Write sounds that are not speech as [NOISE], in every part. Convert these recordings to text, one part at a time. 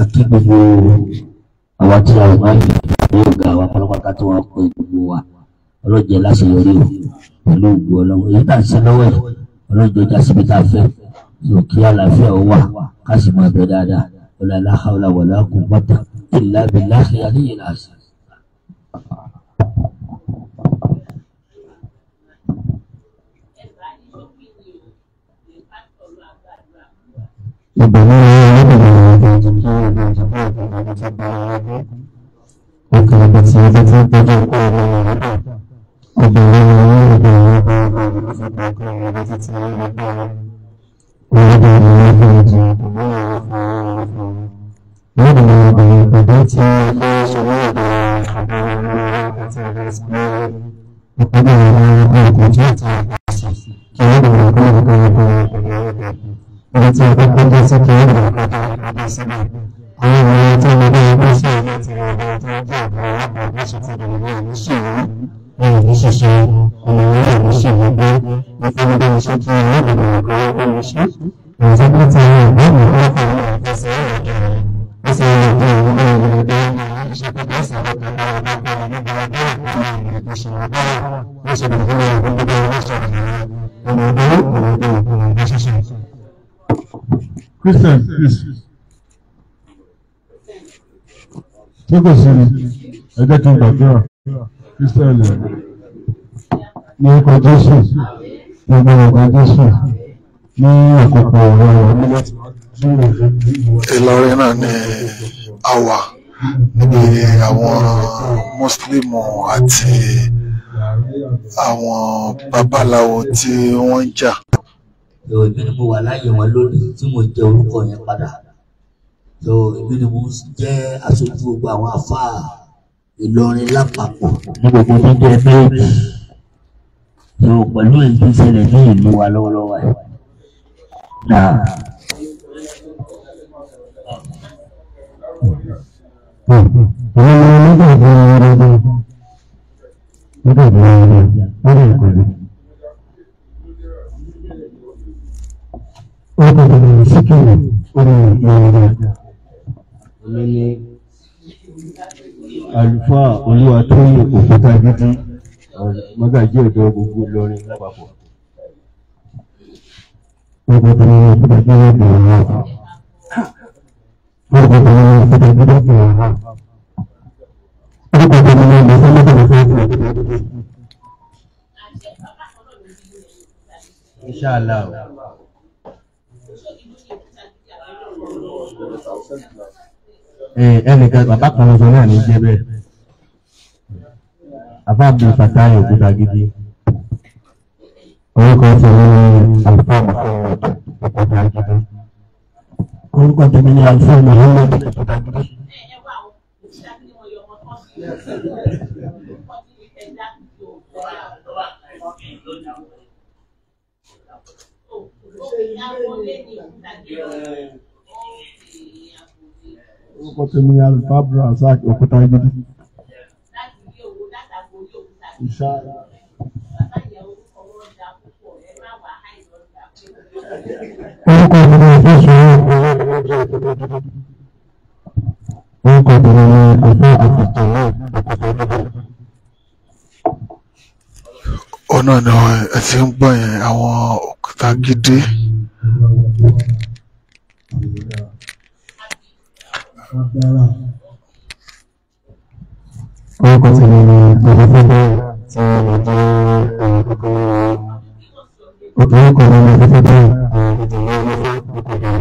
àti gbogbo àwa tí a máa ń fi yóò ga àwa pátápátá tó wà pé gbogbo wa ọlọ́jẹ́ láṣeyọrí o pẹ̀lú ògbó ọlọ́run èyí tá à ń ṣe lọ́wọ́ ẹ̀ ọlọ́jẹ́ ọjà síbi tá a fẹ́ yóò kí àlàáfíà ó wà ká sì máa bẹ dáadáa ọlọ́lá haúlá kò bàtà ìlà bìlà ṣe àníyàn وكلمة سيدتي بدون قوة Thank you. 立ち上がっている先への方々ですが、あの親との弁護士やつらが東京都は保護者するは無視や、無視し、この親無視やで、別の弁護士企業の弁護士や無視、無差別や弁護士やですよ、無視やで、無理やで、無視やで、無視やで、無視やで、無視やで、無視やで、無視やで、無視やで、無視やで、無視やで、無視やで、Christian, please. Ṣé kò sí ni? Ẹ jẹ́ kí n Christian lè. Ní orúkọ Jésù, gbogbo orúkọ Jésù, ní àkókò ọ̀rọ̀ Ìlọrin náà ni a wà níbi àwọn Mùsùlùmù àti àwọn babaláwo tí wọ́n ń jà so èmi ni mo wà láyé wọn lónìí tí mo jẹ orúkọ yẹn padà so èmi ni mo jẹ́ aṣojú gbogbo àwọn àfáà Ìlọrin lápapọ̀ ní gbogbo gbogbo ẹgbẹ́ òkú so pẹ̀lú èyí tó ṣẹlẹ̀ ní ìlú wa lọ́wọ́lọ́wọ́ ẹ̀ náà. Thank you. 오래되는 시키는 우리 영혼이다. Àmín. Àlùfáà Olúwatóyìn Òkútagídí, Mágàjí ọ̀dọ́ gbogbo Ìlọrin lápapọ̀. Gbogbo ìlú Inshallah. Eh, ẹnìkan bàbá kan lọ sọ náà ní jẹ́ bẹ́ẹ̀ afáàbí fatayi òkúta gidi orúkọ tí ó ní alfa muhammed òkúta gidi orúkọ tí ní alfa muhammed òkúta gidi. Thank you orúkọ tèmi ni alifabra razak òkúta gidi ìṣá. orúkọ mi ni ìfẹsùn orúkọ mi ni àfẹ àfẹsùn náà òkúta gidi. ọ̀nà ni ẹ ti ń gbọ́ yẹn àwọn òkúta gidi orúkọ tí mo ní ọdún tó bẹ̀rẹ̀ tí mo jẹ́ ẹ̀yìn kókó nínú orúkọ mi ní ọdún tó bẹ̀rẹ̀ ìdílé ọdún tó bẹ̀rẹ̀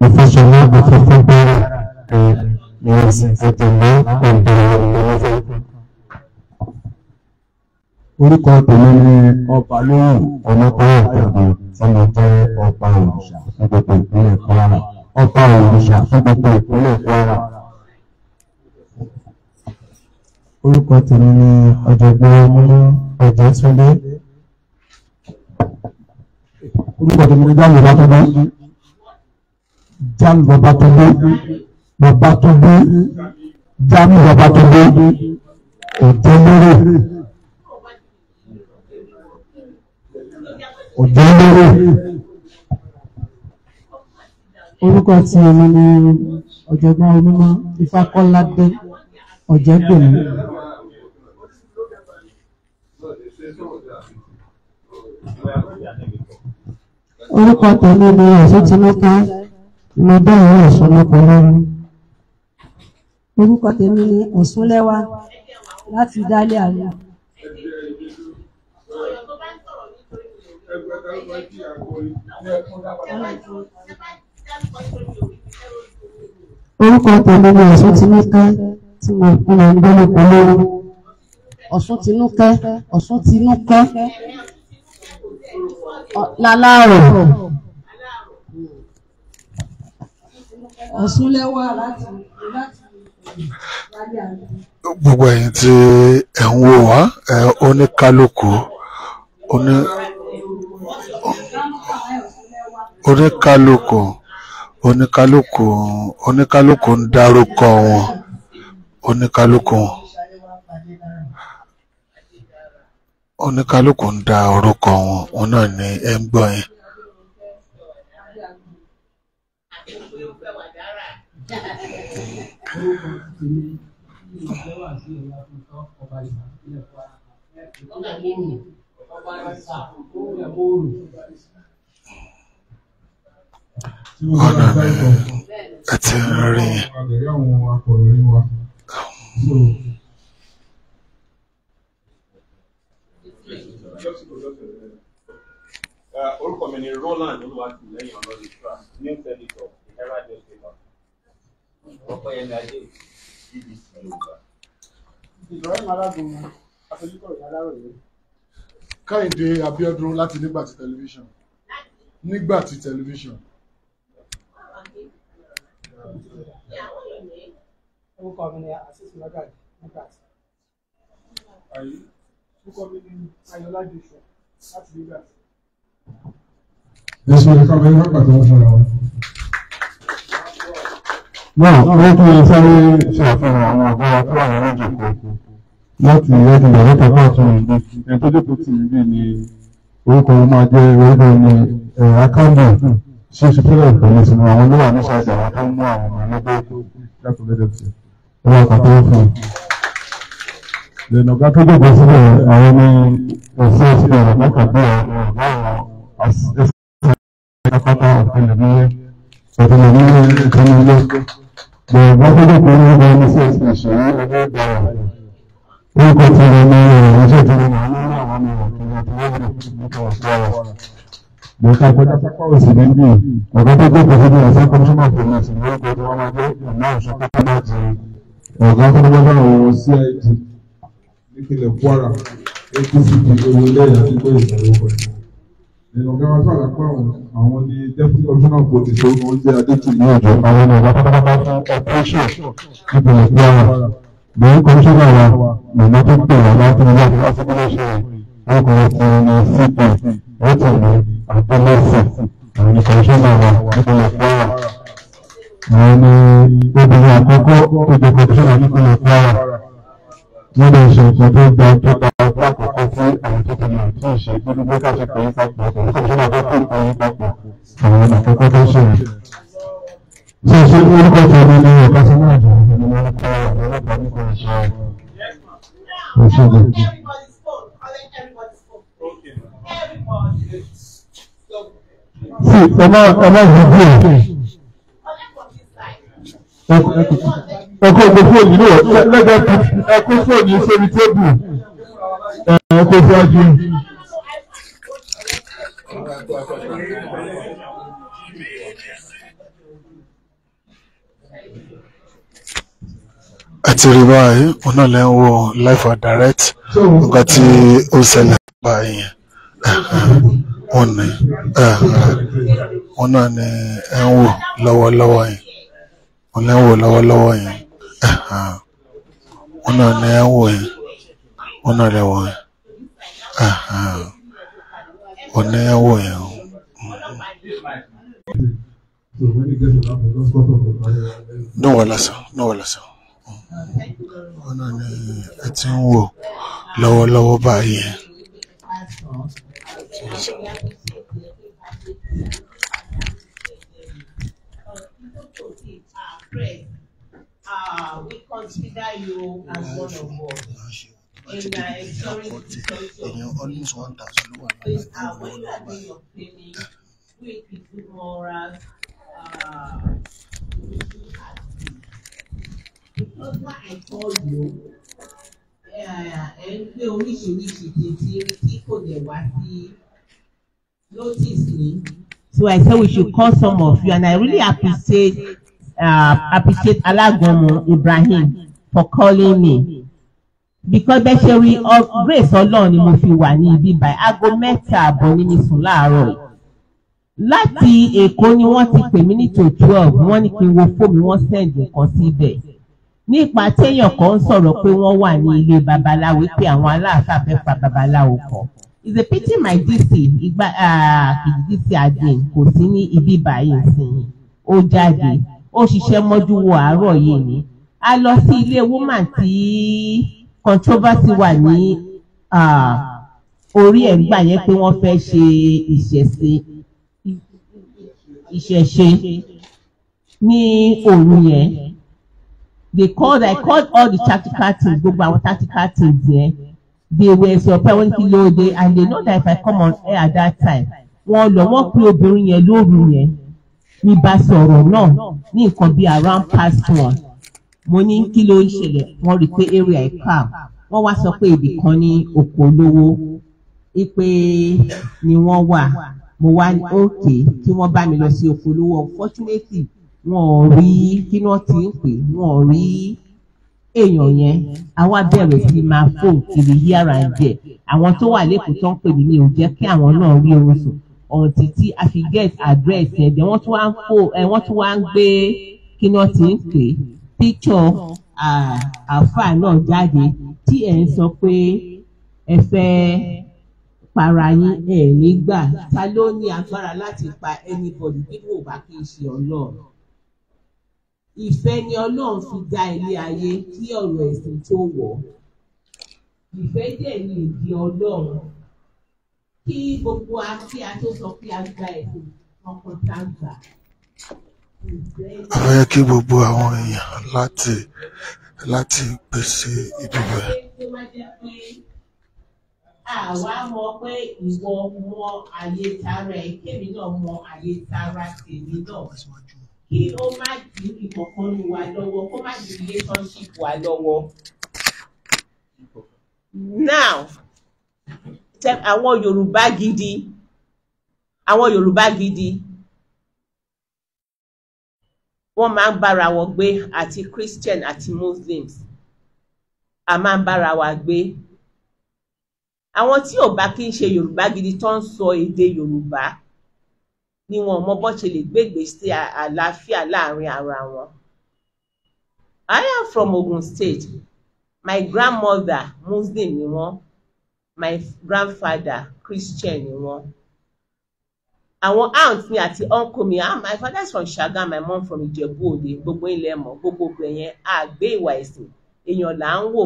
mo fẹ́ ṣe ní ọdún tó bẹ̀rẹ̀ ẹ̀yìn ìrẹsì ìdílé ọdún tó bẹ̀rẹ̀ orúkọ tèmi ni ọba lóyún ọmọkùnrin ìpàdé tí mo jẹ ọba òrìṣà fún gbogbo ìpínlẹ̀ Kwara ọba òrìṣà fún gbogbo ìpínlẹ̀ Kwara. orúkọ tèmi ni ọ̀jọ̀gbọ́n ọmọlú ọjọ́ túndé. orúkọ tèmi ni jáwé bàtọ́dé jáwé bàtọ́dé bàbátọ́dé jáwé bàtọ́dé òjò lórí. ọ̀dọ́lérè orúkọ ti èmi ni ọ̀jọ̀gbọ́n onímọ̀ Ifákọ́ládé Ọ̀jẹ̀gbèmí. orúkọ tẹ̀lé ni ọ̀sẹ̀ tinúkà mo dá àwọn ọ̀sán lọ́kùnrin orúkọ tèmi ni Ọ̀ṣúnlẹ́wà láti dálé àlọ́. orúkọ tèmi ni ọ̀sùn tinúkẹ́ tí mo fún ẹ̀ ń gbẹ́nu pẹ̀lú ọ̀sùn tinúkẹ́ ọ̀sùn tinúkẹ́ lálárọ̀ ọ̀sùn lẹ́wà láti gbogbo ẹ̀yin tí ẹ̀ ń wò wá ẹ̀ oníkálukú oní oníkálukú oníkálukú oníkálukú ń dárúkọ wọn oníkálukú oníkálukú ń da orúkọ wọn òun náà ni ẹ ń gbọ́ yẹn. Thank you ọ̀nà àti rí uh, orúkọ mi ni Roland olùwàtìlẹ́yìn ọlọrin tra new senator herald newspaper ọpẹyẹmí ajé BBC Yorùbá. Ibrahim Alágúnmu aṣojúkọ ìyáláròyé. Káyìndé Abíọ́dún láti Nígbàtí tẹlifíṣàn Nígbàtí tẹlifíṣàn orúkọ mi ni àṣìṣe lọ́gàdì nígbà tí. orúkọ mi ni ayọ̀lá joshua láti nígbà tí. Jésù ní kábẹ́ wọ́n pàtó wọ́n fúnra wọn. Náà wọ́n tún lè sáré ṣàfihàn àwọn àgbà wa tó wà ní láti ìyájú ìyàwó tó bá tún ìdí. Ẹni tì mí bí orúkọ máa jẹ́ orúkọ ni Akámbẹ̀ ṣé o ṣe fẹ́rẹ̀ ìpínlẹ̀ sínú àwọn olówó àwọn ṣáàṣì àwọn tó ń mú àwọn ọmọ ẹlẹ́gbẹ́ látọ̀ lẹ́dọ̀ sí ẹ wọ́n kà tó ń fún un. lẹ́nu ọ̀gá tó dọ̀gbọ́ sílẹ̀ àwọn ní ẹ̀sẹ̀ sílẹ̀ rẹ̀ mọ́kàndínlẹ̀ ọ̀gá àwọn ẹ̀sẹ̀ pátá ọ̀tẹlẹ̀múyẹ́ ọ̀tẹlẹ̀múyẹ́ ìkànnìlẹ̀ gbọ̀ngbọ́n tó dọ̀gbọ́ ní ọ̀gá ní ṣe ìṣòro ẹgbẹ́ ìgbàlá orúkọ tí wọn ní ọ̀rọ̀ ìṣèjọba àwọn ọmọ ọmọ ọmọ ọmọ ọmọ ọmọ ọmọ ọmọ ọmọ gbèsè àkọjá sápá òsì ní bí ọ̀gá tó jókòó sí ní ọ̀sán kọmíṣánná finance ní orúkọ tí wọ́n máa jẹ́ ọ̀nà ọ̀sán pápá ti ọ̀gá tó wọ́n bá wọn CID nípínlẹ̀ Kwara APC di owó lẹ́yìn àti gbé ìsọ̀rọ̀ pẹ̀lú. nínú ọ̀gá wa sọ̀rọ̀ pé àwọn ní deputy commissioner kò ti tó wọn jẹ́ adétìlú ọ̀jọ̀ àwọn ọ̀gá pátápátá fún operation nípínlẹ̀ Kwara lórí kọmíṣánná wa mọ̀mọ́ tó ń pè wọ́n láti ní láti látàrí àpẹlẹsì àwọn ìfẹsẹ̀nà wa nípínlẹ̀ Kwara àwọn ni obìnrin àkọ́kọ́ ìjọ kọmíṣánná nípínlẹ̀ Kwara wọ́n lè ṣe nǹkan tó gba tó gba ọgbà àkọ́kọ́ fún àwọn tó kọmọ àti ìṣe tó dúró káṣí pé yípa pọ̀ pẹ̀lú kọmíṣánná tó kọ́ ìpọ̀ yípa pọ̀ àwọn àkọ́kọ́ tó ṣe rẹ̀. ṣé ṣé orúkọ tẹ̀lé ní ọ̀ká sí náà jù ní wọn kọ́ ọ̀rọ̀ ọlọ́pàá nípa ìṣe ọ̀ṣọ́gbọ̀n ẹ má ẹ má gbogbo ẹ ẹ kó gbogbo òyìn lọ lẹgbẹ ẹ kó fóònù sórí tébù ẹ kó síwájú. àti rí báyìí ọ̀nà lẹ́ ń live direct nǹkan tí ó ṣẹlẹ̀ báyìí wọn ni wọn náà ni ẹ ń wò lọ́wọ́lọ́wọ́ yìí wọn náà ń wò lọ́wọ́lọ́wọ́ yìí wọn náà ni ẹ ń wò yìí wọn náà lè wò yìí wọn ni ẹ ń wò yìí. Não wà lásán, não wà lásán. Wọ́n náà ni ẹ ti ń wò lọ́wọ́lọ́wọ́ báyìí. Uh, we consider you as one of us. èèyàn almost one thousand ló wà lára tó ń bọ̀ ọ́ lọ́wọ́ Because what I told you, ẹ ń gbé oríṣiríṣi títí tí kò dẹ̀ wá sí. So I said we should call some of you, and I really appreciate uh, appreciate Alagomo Ibrahim for calling me. Because bẹ́ẹ̀ ṣe grace Ọlọ́run ni mo fi wà ní ibi báyìí, aago mẹ́ta àbọ̀ ni mi sùn láàárọ̀. Láti Èkó ni wọ́n ti pè mí ní tó twelve, wọ́n ní kí n wo fóònù wọ́n send nǹkan síbẹ̀. Nípa téèyàn kan ń sọ̀rọ̀ pé wọ́n wà ní ilé babaláwo pé àwọn aláàfáà pa babaláwo kan. It's a pity my DC ìgbà ah, DC again. kò sí ní ibi báyìí nsìnyí ó jáde ó ṣiṣẹ́ mọ́jú wo àárọ̀ yìí ni a lọ sí ilé woman tí controversy wà ní ah, orí ẹ̀ gbà yẹn pé wọ́n fẹ́ ṣe ìṣẹ̀ṣe ní òru yẹn they called I called all the tactical teams gbogbo àwọn tactical teams yẹn. Yeah they were surprised wọ́n ti lo they and they know that if I come on air at that time wọ́n lọ wọ́n pe obìnrin yẹn lóru yẹn mi bá sọ̀rọ̀ náà ní nǹkan bíi around past one mo ní kí ló ń ṣẹlẹ̀ wọ́n rí i pé area ẹ̀ calm wọ́n wá sọ pé ibì kan ní oko olówó ipe ni wọ́n wà mo wá ní òkè kí wọ́n bá mi lọ sí oko olówó unfortunately wọn ò rí kí wọ́n ti ń pè wọn ò rí èèyàn yẹn àwa bẹ̀rẹ̀ sí máa fóun kiri yíyára díẹ̀ àwọn tó wà lẹ́kọ̀ọ́ tó ń pè mí mi ò jẹ́ kí àwọn náà rí oorun sùn ọ̀tí tí a fi get address ẹ̀ dẹ̀ wọ́n tún wá ń fò ẹ̀ wọ́n tún wá ń gbé kí wọ́n ti ń pè picture àáfà náà jáde tí ẹ̀ ń sọ pé ẹ fẹ́ para yín ẹ̀ nígbà ta ló ní agbára láti pa anybody bí kò bá kí n ṣe ọlọ́run ìfẹ́ ni Ọlọ́run fi dá ilé ayé kí ọ̀rọ̀ ẹ̀sìn tó wọ̀ ìfẹ́ dẹ̀ ni ìdí Ọlọ́run kí gbogbo wa kí a tó sọ pé a gba ẹ̀sìn ọkàn tá a gbà. Àwọn yẹ kí gbogbo àwọn èèyàn láti láti pèsè ìdìbò. Àwa mọ̀ pé ìwọ mọ̀ àyè tara ẹ̀, kémi náà mọ̀ àyè tara tèmi náà kí ó má di ìkọ̀kan nu wa lọ́wọ́ kó má di relationship wa lọ́wọ́. now àwọn Yorùbá gidi àwọn Yorùbá gidi wọ́n máa ń bára wọn gbé àti Christian àti Muslims a máa ń bára wa gbé àwọn tí ò bá kí ń ṣe Yorùbá gidi tó ń sọ èdè Yorùbá ni wọn mọ bó ṣe lè gbégbé sí àlàáfíà láàrin ara wọn. I am from Ogun State. My grandmother Muslim ni wọ́n. My grandfather Christian ni wọ́n. Àwọn aunt mi àti uncle mi, ah, my father is from Ṣàgán, my mom from Ijebu. Òde, gbogbo ilẹ̀ mọ̀, gbogbo ibẹ̀ yẹn, a gbé ìwà ẹ̀sìn, èèyàn là ń wò.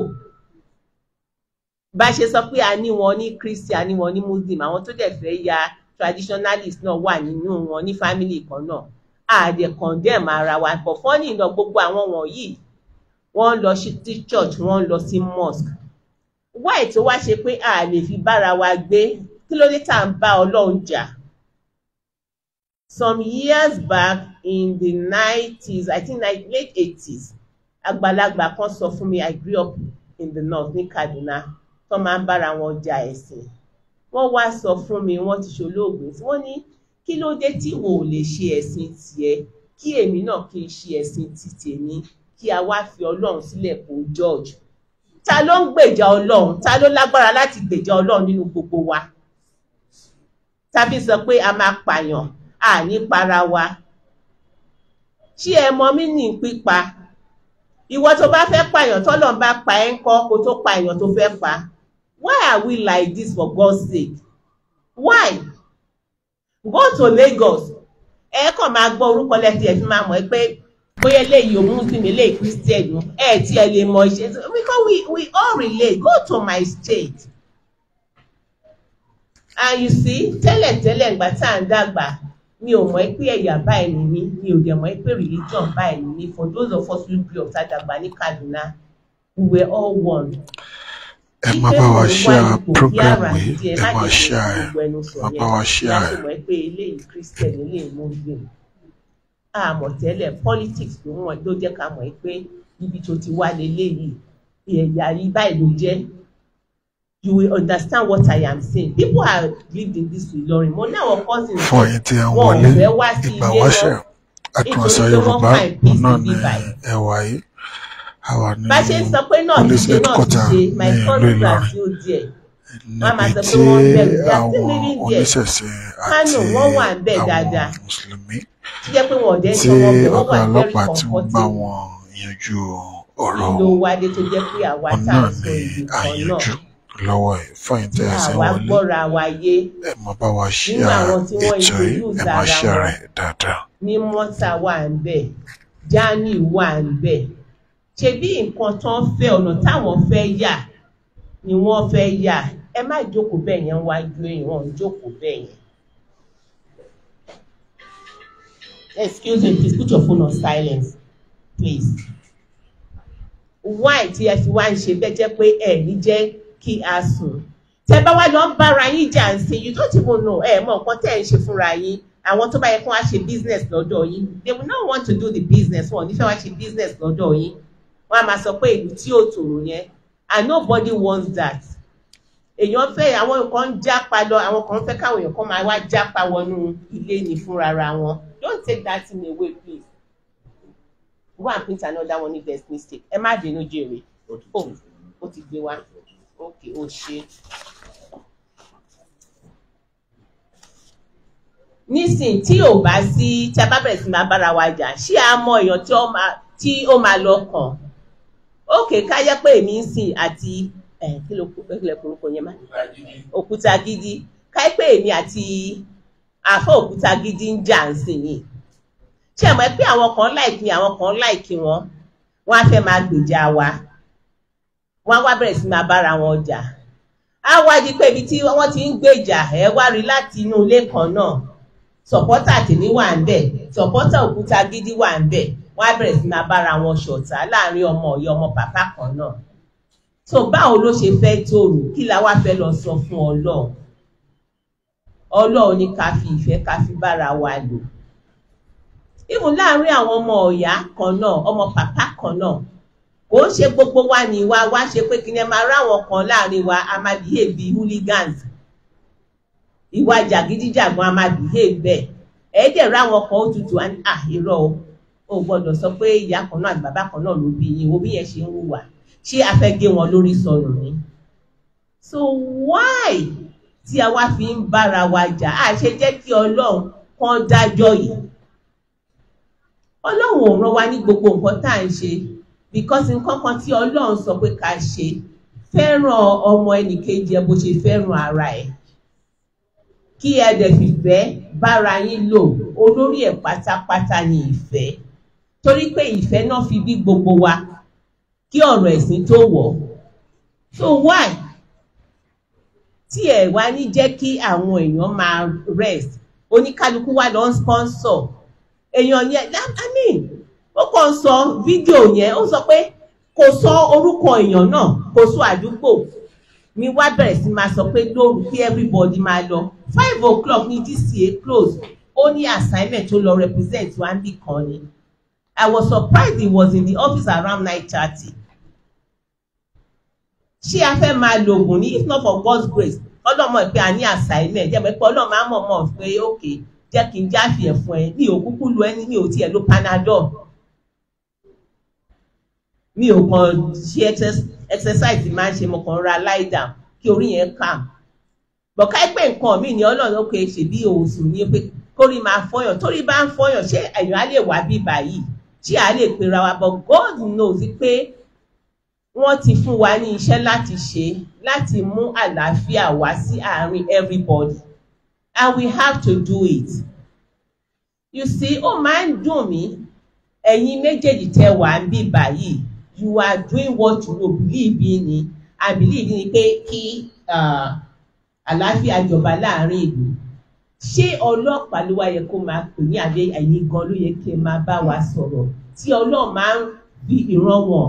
Bá a ṣe sọ pé a ní wọn ní Christian, a ní wọn ní Muslim, àwọn tó dẹ̀ fẹ́ ya Traditionalists náà wà nínú wọn ní fámìlì kan náà àdè condemn ara wa bọ̀ fọ́nì lọ gbogbo àwọn wọ̀nyí wọ́n lọ sí church wọ́n lọ sí mosque wáì tó wá ṣe pé a lè fi bára wa gbé kí ló dé tá à ń bá ọlọ́run jà some years back in the nineties i think late eighties àgbàlagbà kan sọ fún mi i grew up in the north ní Kaduna tó máa ń bára wọn jà ẹ̀sìn wọ́n wá sọ fún mi wọ́n ti ṣolóògbé tí wọ́n ní kí ló dé tí wò ó lè ṣe ẹ̀sìn tiẹ̀ kí èmi náà kí n ṣe ẹ̀sìn ti tèmi kí a wá fi ọlọ́run sílẹ̀ kó george ta ló ń gbèjà ọlọ́run ta ló lágbára láti gbèjà ọlọ́run nínú gbogbo wa tàbí sọ pé a máa pààyàn a ní para wa ṣé ẹ mọ mí ní pípa ìwọ tó bá fẹ́ pààyàn tọ́lọ́run bá pa ẹ́ ń kọ́ kó tó pa tó fẹ́ pa why are we like this for God's sake why go to Lagos ẹ kàn máa gbọ́ orúkọ lẹ́tí ẹ fi máa mọ̀ pé bóyá eléyìí o muslim eléyìí christian ẹ tí ẹ lè mọ ṣe because we we all relate go to my state and you see tẹ́lẹ̀tẹ́lẹ̀ ìgbà tá à ń dàgbà mi ò mọ̀ pé ẹ̀yà báyìí ni mí mi ò dẹ̀ mọ̀ pé religion báyìí ni mí for those of us who grew up tá a ní Kaduna we were all one ẹ máa bá wa ṣe à program yìí ẹ máa ṣe à ẹ máa bá wa ṣe à ẹ. àmọ̀ tẹ́lẹ̀ politics ló wọ́n ló jẹ́ ká mọ̀ pé ibi tó ti wá leléyìí ẹ̀yà yìí báyìí ló jẹ́ you will understand what I am saying people are lived in this Ìlọrin mo ní àwọn cousins fún ẹ̀yin tí ẹ wọlé ìgbà wáṣẹ àtúnṣe Yorùbá náà ni ẹwà yìí àwa ní police headquarter ní ìlú Ìlọrin níbi tí àwọn oníṣẹ̀ṣe àti àwọn mùsùlùmí tí ọba ọlọ́pàá ti ń bá wọn yanjú ọ̀rọ̀ òun náà ni àyànjú lọ́wọ́ ẹ̀ fáyín tẹ́ ẹsẹ̀ wọlé ẹ máa bá wa ṣí ara ètò yìí ẹ máa ṣí ara ẹ̀ dáadáa. ní mọ́tà wà ń bẹ̀ jáàní wà ń bẹ̀ ṣe bí nǹkan tán fẹ́ ọ̀nà táwọn fẹ́ yà ni wọ́n fẹ́ yà ẹ má jókòó bẹ́ẹ̀ yẹn wájú èèyàn ń jókòó bẹ́ẹ̀ yẹn. excuse me please put your phone on silence please. why tí ẹ fi wá ń ṣe bẹ́ẹ̀ jẹ́ pé ẹ ní jẹ́ kí a sùn. tẹ bá wá lọ bára yín jà ń sìn you don't even know ẹ mọ nǹkan tẹ́ ẹ ń ṣe fúnra yín àwọn tó bá yẹ kó wá ṣe business lọ́dọ̀ yín they will not want to do the business one. If ní fẹ́ ṣe business lọ́dọ̀ yín wọ́n á máa sọ pé ìlú tí ò tòrò yẹn and nobody wants that èèyàn fẹ́ àwọn kan ń jápa lọ àwọn kan fẹ́ káwọn èèyàn kan máa wá jápa wọnú ilé ní fúnrara wọn don't take that thing away please go and print another one if there is mistake ẹ má dènà jèrè o oh, ó ti gbé wá ok ó ṣe. nísìn tí ò bá sí tí a bá bẹ̀rẹ̀ sí máa bára wa jà ṣé a mọ èèyàn tí ó máa lọ kàn òkè káyẹ pé èmi ń sìn àti kí ló kú pẹ́ kílẹ̀ yẹn má òkúta gidi káyẹ pé èmi àti àfọ òkúta gidi ń jà ń sìn yìí ṣe mọ̀ pé àwọn kan láìkí mi àwọn kan láìkí wọn wọn á fẹ́ máa gbèjà wa wọn á wá bẹ̀rẹ̀ sí máa bára wọn jà á wá di pé ibi tí wọ́n ti ń gbèjà ẹ wá rí láti inú ilé kan náà sọ̀pọ́tà tèmi wà ń bẹ̀ sọ̀pọ́tà òkúta gidi wà ń bẹ̀ wọ́n á bẹ̀rẹ̀ sí máa bára wọn ṣọ̀tá láàrin ọmọ ọ̀yọ́ ọmọ bàbá kan náà so báwo ló ṣe fẹ́ tòrò kí la wá fẹ́ lọ sọ fún ọlọ́run ọlọ́run ní ká fi ìfẹ́ ká fi bára wa lò ìwọ̀n láàrin àwọn ọmọ ọ̀yá kan náà ọmọ bàbá kan náà kò ń ṣe gbogbo wa ní wa wá ṣe pé kí ni ẹ máa ráwọn kan láàrin wa a máa behave bí hooligans ìwà jàgídíjàgan a máa behave bẹ́ẹ̀ ẹ̀ẹ́dẹ̀ ráwọn kan ó tutù à irọ́ o o gbọ́dọ̀ sọ pé ìyá kan náà àti bàbá kan náà ló bí yín wo bí yẹn ṣe ń hùwà ṣé a fẹ́ gé wọn lórí sọnù ni so why tí a wá fi ń bára wa jà á ṣe jẹ́ kí ọlọ́run kan dájọ́ yìí ọlọ́run ò rán wa ní gbogbo nǹkan tá à ń ṣe because nǹkan kan tí ọlọ́run sọ pé ká ṣe fẹ́ràn ọmọ ẹnìkejì ẹ bó ṣe fẹ́ràn ara ẹ̀ kí ẹ dẹ̀ fìfẹ́ bára yín lò olórí ẹ̀ pátápátá ni ìfẹ́ torí pé ìfẹ́ náà fi bí gbogbo wa kí ọ̀rọ̀ ẹ̀sìn tó wọ̀ so why tí ẹ̀ wá ní jẹ́ kí àwọn èèyàn máa rest oníkálukú wa lọ ń sponsor èèyàn yẹn i mean ó kàn sọ fídíò yẹn ó sọ pé kò sọ orúkọ èèyàn náà kò sọ àdúgbò ni wá bẹ̀rẹ̀ sí máa sọ pé lóru kí everybody máa lọ five o'clock ni dca close ó ní assignment tó lọ represent wa níbì kan ni. I was surprised he was in the office around 9:30. Ṣé a fẹ́ máa lo oògùn ní if not for God's grace? Ọlọ́mọ pé a ní assignment jẹ́ pé pé ọlọ́mọ á mọ̀ mọ̀ pé òkè jẹ́ kí n jáfì ẹ̀ fún ẹ mi ò kúkú lu ẹni mi ò tiẹ̀ lo Panadol. Mi ò kàn ṣe exercise máa ń ṣe mo kàn ra lie down kí orí yẹn calm. Bọ̀ká pé nǹkan mi ni Ọlọ́run ó kè é ṣe bí òòsùn ní pé kórìí máa fọyàn torí bá ń fọyàn ṣé ẹ̀yàn á lè wá bí báyìí tí a lè pera wa but God knows pé wọ́n ti fún wa ní iṣẹ́ láti ṣe láti mú àlàáfíà wá sí àárín everybody and we have to do it. You see, ó máa ń dùn mí ẹ̀yin méjèèjì tẹ wà ń bí báyìí you are doing what you know believe in I believe in it pé kí uh, àlàáfíà jọba láàárín ìlú ṣé ọlọ́pàá ló wá yẹ kó máa pè ní àbí ẹ̀yin gan ló yẹ kí ẹ máa bá wa sọ̀rọ̀ tí ọlọ́run máa ń fi ìran wọn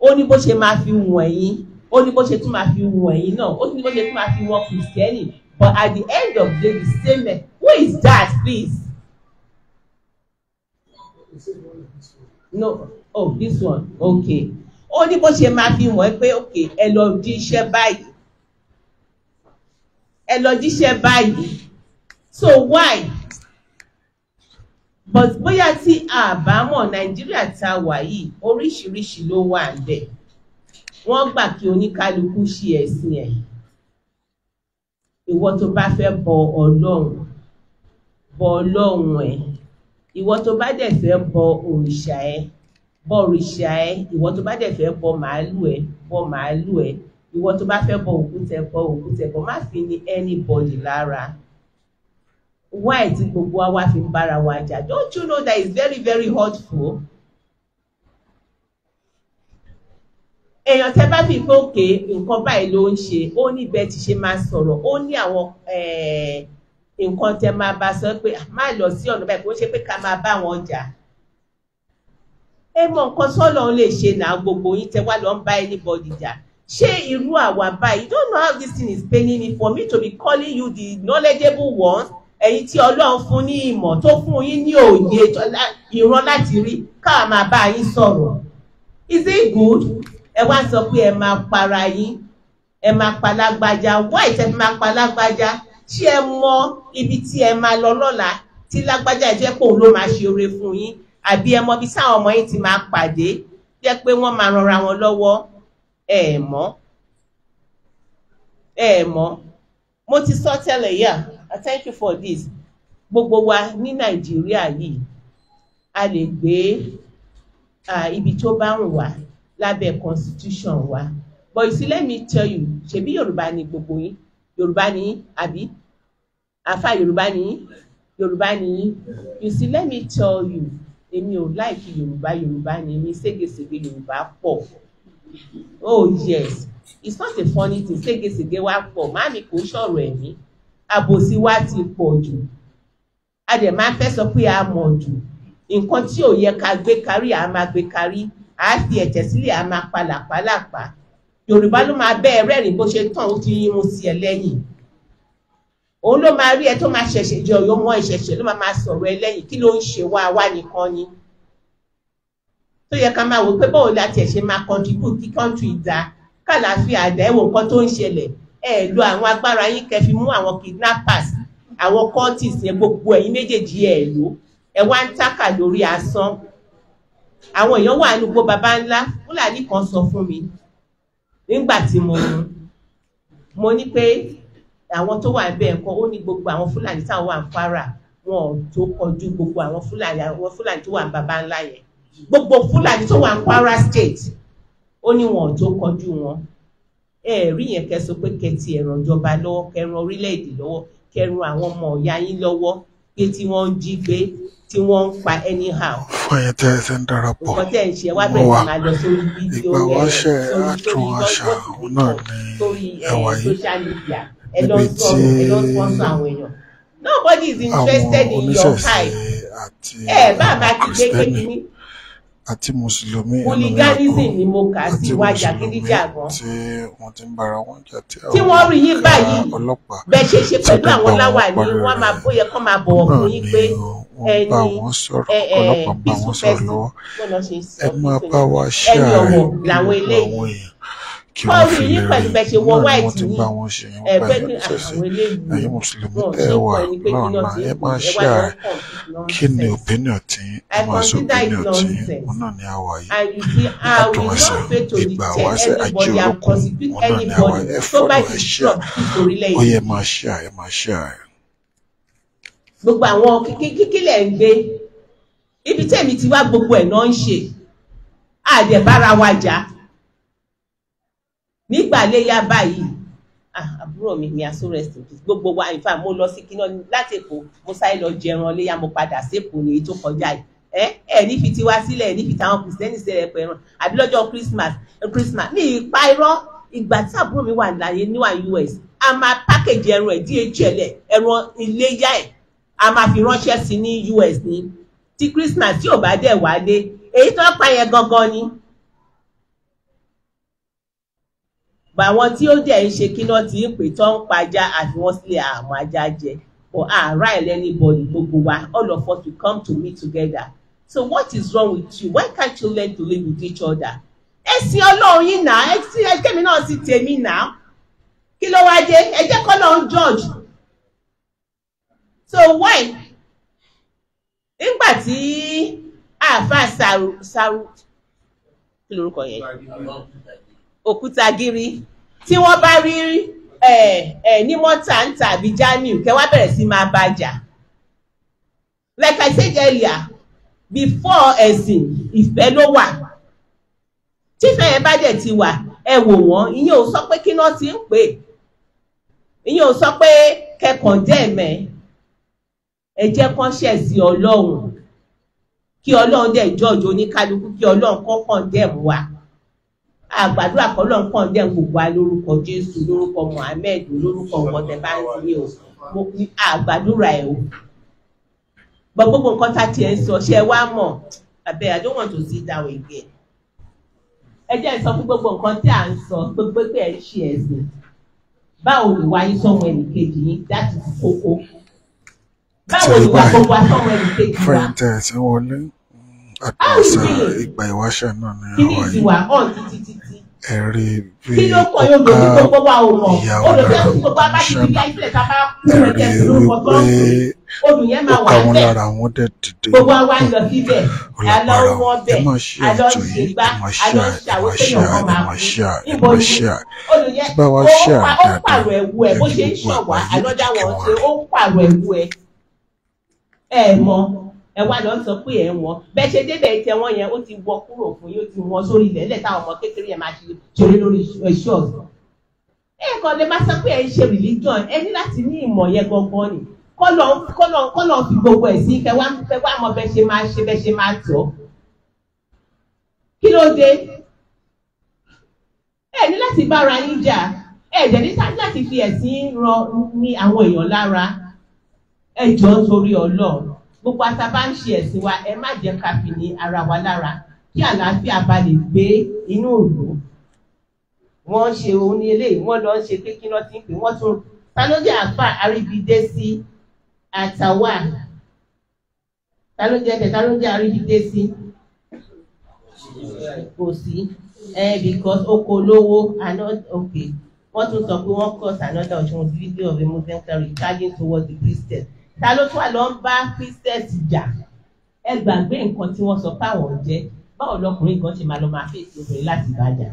ó ní bó ṣe máa fi wọ̀n ẹ̀yin ó ní bó ṣe tún máa fi wọ̀n ẹ̀yin náà ó ní bó ṣe tún máa fi wọ̀n kìrìsìtẹ́nì but at the end of the day the same man who is that please. no oh this one okay ó ní bó ṣe máa fi wọ̀n ẹ pé okay ẹ lọ jíṣẹ́ báyìí ẹ lọ jíṣẹ́ báyìí so why but bóyá tí a bá mọ̀ nàìjíríà tá a wà yìí oríṣiríṣi ló wà níbẹ̀ wọ́n gbà kí oníkálukú ṣe ẹ̀sìn ẹ̀ ìwọ tó bá fẹ́ bọ ọlọ́run bọ ọlọ́run ẹ̀ ìwọ tó bá dẹ̀ fẹ́ bọ òrìṣà ẹ̀ bọ òrìṣà ẹ̀ ìwọ tó bá dẹ̀ fẹ́ bọ màálù ẹ̀ bọ màálù ẹ̀ ìwọ tó bá fẹ́ bọ òkúta ẹ̀ bọ òkúta ẹ̀ bọ má fi ní anybody lára why tí gbogbo wa fi ń bára wa jà don't you know that is very very hurtful. èèyàn tẹ́ bá fi pé òkè nǹkan báyìí ló ń ṣe ó ní bẹ́ẹ̀ ti ṣe máa sọ̀rọ̀ ó ní àwọn eh, nǹkan tẹ́ máa bá sọ pé ah, má lọ sí ọ̀nà báyìí kò ṣe pé ká máa bá wọn jà ẹ mọ nǹkan sọ́lọ́ ń lè ṣe náà gbogbo yín tẹ́ wá lọ ń bá anybody jà ṣé irú àwa báyìí you don't know how this thing is paining me for me to be calling you the knowledgeable ones ẹ̀yin tí ọlọ́run fún ní ìmọ̀ tó fún yín ní òye ìran láti rí ká máa bá yín sọ̀rọ̀ is it good ẹ wá sọ pé ẹ máa para yín ẹ máa pa lágbájá why tẹ máa pa lágbájá ṣé ẹ mọ ibi tí ẹ máa lọ lọ́la tí lágbájá jẹ́ pé òun ló máa ṣe oore fún yín àbí ẹ mọ ibi táwọn ọmọ yín ti máa pàdé jẹ́ pé wọ́n máa ranra wọn lọ́wọ́ ẹ mọ̀ ẹ mọ̀ mo ti sọ tẹ́lẹ̀ yà. Yeah Uh, thank you for this gbogbo wa ní nàìjíríà yìí a lè gbé uh, ibi tó bá wù wá lábẹ́ constitution wa but you see let me tell you ṣebí yorùbá ni gbogbo yín yorùbá ni yín àbí àfa yorùbá ni yorùbá ni you see let me tell you èmi ò láìkí yorùbá yorùbá ni mi ségesège yorùbá pọ̀ oh yes it's not a funny thing ségesège wa pọ̀ màámi kò sọ̀rọ̀ ẹ̀mí àbòsí wa ti pọ̀ jù a dẹ̀ máa fẹ́ sọ pé a mọ̀ jù nǹkan tí ò yẹ ká gbé kárí a máa gbé kárí a fi ẹ̀jẹ̀ sílẹ̀ a máa pa làpálàpá yorùbá ló máa bẹ́ẹ̀ rẹ́rìn bó ṣe tàn ó fi yín mu sí ẹ lẹ́yìn òun ló máa rí ẹ tó máa ṣẹ̀ṣẹ̀ jẹ ọ̀yọ́ mọ́ ìṣẹ̀ṣẹ̀ ló máa máa sọ̀rọ̀ ẹ lẹ́yìn kí ló ń ṣe wá wá nìkan ni tó yẹ ká máa wò pé báwo la tiẹ̀ ṣe máa contribute kí country dá kálàáfíà dá ẹ̀wò nǹkan tó ń ṣẹlẹ̀ ẹ lo àwọn agbára yín kẹ́ fi mú àwọn kidnappers àwọn cultists yẹn gbogbo ẹ̀yin méjèèjì ẹ lò ẹ wá ń tákà lórí asán àwọn èèyàn wà nígbó baba ńlá fúlàní kan sọ fún mi nígbà tí mo mú mo ní pé àwọn tó wà bẹ́ẹ̀ kọ́ ó ní gbogbo àwọn fúlàní táwọn wà ń fara wọn ò tó kọjú gbogbo àwọn fúlàní àwọn fúlàní tó wà ń baba ńlá yẹn gbogbo fúlàní tó wà ń kwara state ó ní wọn ò tó kọjú wọn ẹ rí yẹn kẹ́ sọ pé kẹtì ẹ̀ràn ìjọba lọ́wọ́ kẹran orílẹ̀-èdè lọ́wọ́ kẹran àwọn ọmọ ọ̀yá yín lọ́wọ́ pé tí wọ́n ń jí gbé tí wọ́n ń pa anyhow. fún ẹ̀yin tẹ́ ẹ ṣe ń darapọ̀ mọ́ wa ìgbà wáṣẹ̀ àtún àṣà òun náà ní eh, ẹwà yìí níbi tí nobody is interested in your time eh, àti mùsùlùmí onígánísì ni mo kà tí wọ́n rí yín báyìí bẹ́ẹ̀ ṣe ṣe pẹ̀lú àwọn láwà ni wọ́n máa bóyá kán máa bọ̀wọ̀ fún yín pé ẹni ọlọ́pàá bá wọn sọ̀rọ̀ ẹ máa bá wa ṣe àárín àwọn èèyàn kí wọ́n fi lè rí nínú ni wọ́n ti bá wọn ṣe yẹn pẹ̀lú ìtẹ̀sí ẹ̀yin mùsùlùmí ẹ wà lọ́nà ẹ máa ṣe à kí ni opinion tí ẹ máa sọ opinion tí wọn náà ní àwà yìí àtọwọ́sẹ̀ ìgbà wáṣẹ̀ ajé olókun wọn náà ní àwà ẹ fọ́lọ́ ẹ ṣe à ó yẹ máa ṣe à ẹ máa ṣe à. gbogbo àwọn kíkílẹ̀ ń gbé ibi tẹ̀mí ti wá gbogbo ẹ̀ náà ń ṣe àdẹ̀bára wa jà. Ja nígbà léyà báyìí ah, àbúrò mi mi aso rest in peace gbogbo wa in mo lọ sí kíná láti èkó mo sáré lọ jẹran léyà mo padà sépò ní ètò kọjá yìí ẹ ẹ ní fi tiwa sílẹ̀ ẹ ní fi tàwọn kìrìsìtẹ́nì sílẹ̀ ẹ̀pẹ̀ ẹran àbí lọ́jọ́ Christmas Christmas ní ipa irọ́ ìgbà tí àbúrò mi wà láyé níwà US a máa pákéjì ẹran ẹ̀ DHL ẹ̀ ẹran iléyà ẹ̀ a máa fi ránṣẹ́ sí ní US ní ti Christmas tí ò bá dẹ̀ wálé èyí tó pa yẹn gangan ni. báwọn tí ó dẹ̀ ń ṣe kíná tí ń pè tán ń pajá àfi wọ́n sílẹ̀ àmọ́ ajá jẹ for ah right anybody gbogbo wa all of us we come to meet together so what is wrong with you why can't you learn to live with each other ẹ̀sìn ọlọ́run yìí náà ẹ̀sìn ẹgbẹ́mi náà sì tèmi náà kí ló wáá dé ẹjẹ́ kọ́ lọ́n george so why nígbà tí àáfàá sàrù sàrù kí lorúkọ yẹn òkúta giri, tí wọ́n bá rí ẹ̀ ẹ̀ ní mọ́tà ń tà àbí jamiu kẹ́ wá sí máa bá like I said earlier before ẹ̀sìn ìfẹ́ ló wà tífẹ́ yẹn bá dẹ̀ ti wà ẹ wò wọ́n ìyẹn ò sọ pé kí náà ti ń pè ìyẹn ò sọ pé kẹkàn dẹ́ ẹ̀mẹ́ ẹ jẹ́ kán ṣẹ̀sìn ọlọ́run kí ọlọ́run dẹ̀ jọ́jọ́ oníkálukú kí ọlọ́run kọ́kàn dẹ̀ mú wa àgbàdo àkọlọ nǹkan dẹ gbogbo alórúkọ jésù lórúkọ mohammed lórúkọ wọtẹbá ń sílé o àgbàdúrà ẹ o gbọ gbogbo nǹkan tá a tiẹ̀ ń sọ ṣe wá mọ̀ abẹ́ I don't want to sit down again ẹ jẹ́ sọ fún gbogbo nǹkan tí à ń sọ gbogbo pé ẹ ń ṣe ẹ̀sìn báwo ni wáyé sọmọ ẹnìkejì yín that is kókó báwo ni wá gbogbo asọmọ ẹnìkejì wa. fẹ́ǹtẹ̀ ti wọlé àtúnṣe ìgbà ìwáṣẹ̀ náà ni àwọn yìí. kí ni ìtiwà hàn títí ẹ̀rí bí ọkà ìyàwó náà ṣáná ẹ̀rí wípé ó ká wọn lára wọn dẹ̀ dìde olùpàrà wọn ẹ má ṣe ètò yìí ẹ má ṣe à ẹ má ṣe à ẹ má ṣe à ẹ má ṣe à tí bá wá ṣe à dáadáa ẹ wípé wà á yẹ kí wọn rí. ẹ mọ ẹ wá lọ sọ pé ẹ wọn bẹ́ẹ̀ ṣe débẹ̀ ìtẹ wọn yẹn ó ti wọ kúrò fún yín ó ti wọn sórí ilẹ̀ ńlẹ̀ táwọn ọmọ kékeré yẹn máa ṣe ṣeré lórí ẹṣọ ẹ kàn lè má sọ pé ẹ ń ṣe religion ẹ ní láti ní ìmọ̀ yẹn gangan ni kọlọ kọlọ kọlọ fi gbogbo ẹ sí kẹ wá fẹ wá mọ bẹ́ẹ̀ ṣe máa ṣe bẹ́ẹ̀ ṣe máa tọ kí ló dé ẹ ní láti bára yín jà ẹ jẹ ní láti fi ẹ̀sìn rọ ní àwọn èèyàn lára ẹ jọ ń torí gbogbo àtàbá ń ṣe ẹ̀sìn wa ẹ má jẹ́ ká fi ní ara wa lára kí àlàáfíà ba lè gbé inú òòlù wọ́n ṣe òun ní eléyìí wọ́n lọ ń ṣe pé kí wọ́n ti ń pè wọ́n tún talójẹ́ àfà àríbidé sí àtàwà talójẹ́ tẹ̀ talójẹ́ àríbidé sí kò sí ẹ because oko lówó àná ok wọ́n tún sọ pé wọ́n cause another Ọ̀ṣun video of a moving carry charging towards the priestess ta ló tún wà lọ ń bá princess jà ẹ gbàgbé nǹkan tí wọ́n sọ fáwọn jẹ́ báwo lọkùnrin kan ṣe máa lọ máa fèsì obìnrin láti bàjà.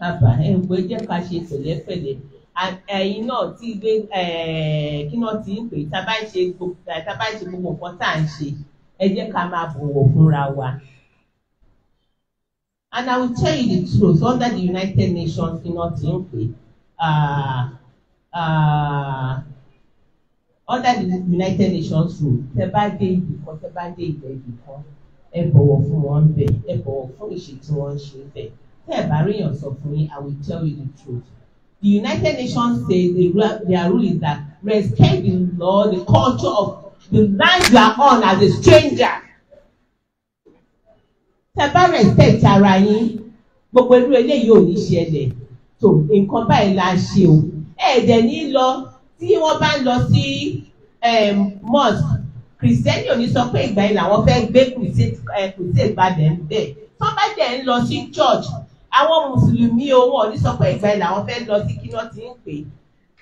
bàbá ẹ ń pè jẹ́ ká ṣe pẹ̀lẹ́pẹ̀lẹ́ ẹ̀yin náà tí gbé kí náà ti ń pè tá a bá ń ṣe gbogbo nǹkan tá à ń ṣe ẹ jẹ́ ká máa bọ̀wọ̀ fúnra wa. And I will tell you the truth under the United Nations, you know, Tinpe, uh, uh, under the United Nations rule tẹ bá dé ibì kan tẹ bá dé ibẹ̀ ibì kan ẹ bọ̀wọ̀ fún wọn bẹ̀ ẹ bọ̀wọ̀ fún ìṣe tí wọ́n ń ṣe bẹ̀ tẹ́ ẹ bá ríyàn sọ fún yín I will tell you the truth. The United Nations say the, their rule is that respect the law the culture of the land you are on as a stranger. tẹ bá respect ara yín gbogbo irú eléyìí ò ní ṣẹlẹ̀ tó nǹkan báyìí la ṣe o ẹ̀ẹ́dẹ̀ ní lọ tí wọ́n bá ń lọ sí eh, mosque kìrìsìtẹ́nì ò ní sọ pé ìgbà yẹn làwọn fẹ́ gbé crusade eh, gbàdẹ̀ ń bẹ̀ tó bá dẹ̀ ń lọ sí church àwọn mùsùlùmí o wọn ò ní sọ pé ìgbà yẹn làwọn fẹ́ lọ sí kíná tí ń pè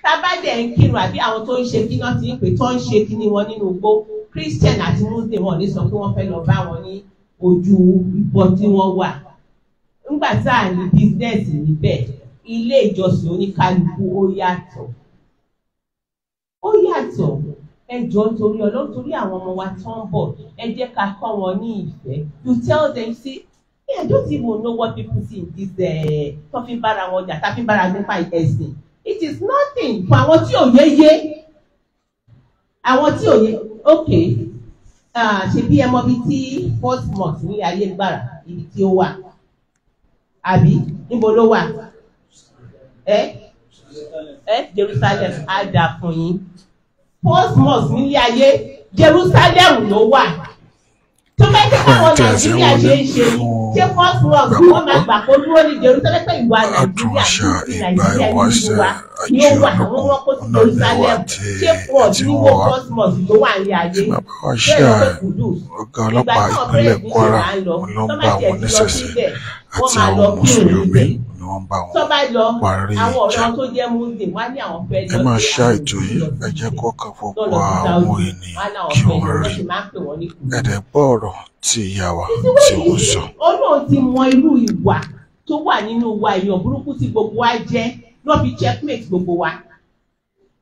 tá bá dẹ̀ ń kírun àbí àwọn tó ń ṣe kíná tí ń pè tó ń ṣe kíní wọn nínú igbó christian àti muslim wọn ò ní sọ pé wọ́n fẹ́ lọ bá wọn ní ojú ibọ tí wọ́n wà ńgbà tá à ní business níbẹ̀ ilé ìjọsìn oníkálukú ó yàtọ̀ ó yàtọ̀ ẹ jọ torí ọlọ́run torí àwọn ọmọ wa tó ń bọ̀ ẹ jẹ́ ká kọ́ wọn ní ìfẹ́ you tell them say yeah, I don't even know what people see in this eh, tó fi bára wọn jà tá fi bára nípa ẹ̀sìn it is nothing fún àwọn tí òye yé àwọn tí òye ok ṣebí ẹ mọ ibi tí first month ní ayélujára ibi tí ó wà àbí níbo ló wà ẹ. Eh? Eh, Jerusalem á dà fún yín Cosmos nílé ayé Jerusalem ló wà tó bá jẹ́ káwọn Nàìjíríà ṣe é ṣe ni ṣé Cosmos wọ́n máa gbà kó dúró ní Jerusalem pé ìwà Nàìjíríà Nàìjíríà ìlú wa ni ó wà àwọn wọn kó sí Jerusalem ṣé pọ̀ níwò Cosmos ló wà ní ayé bẹ́ẹ̀ ló kùdù ìgbà tí ọ̀pẹ̀rẹ̀ ìpínlẹ̀ Kwara ló ń bá wọn níṣẹ̀ṣẹ̀ àti àwọn mùsùlùmí wọ́n bá wọn parí ìjà ẹ máa ṣá ètò yìí ẹ jẹ́ kó kàn fọ́pọ̀ àwọn ènìyàn kí wọ́n rí ẹ̀dẹ̀ gbọ́ ọ̀rọ̀ tí ìyá wa tí ó sọ. ó náà ti mọ irú ìwà tó wà nínú wa èèyàn burúkú tí gbogbo wa jẹ́ lọ́ọ́ fi checkmate gbogbo wa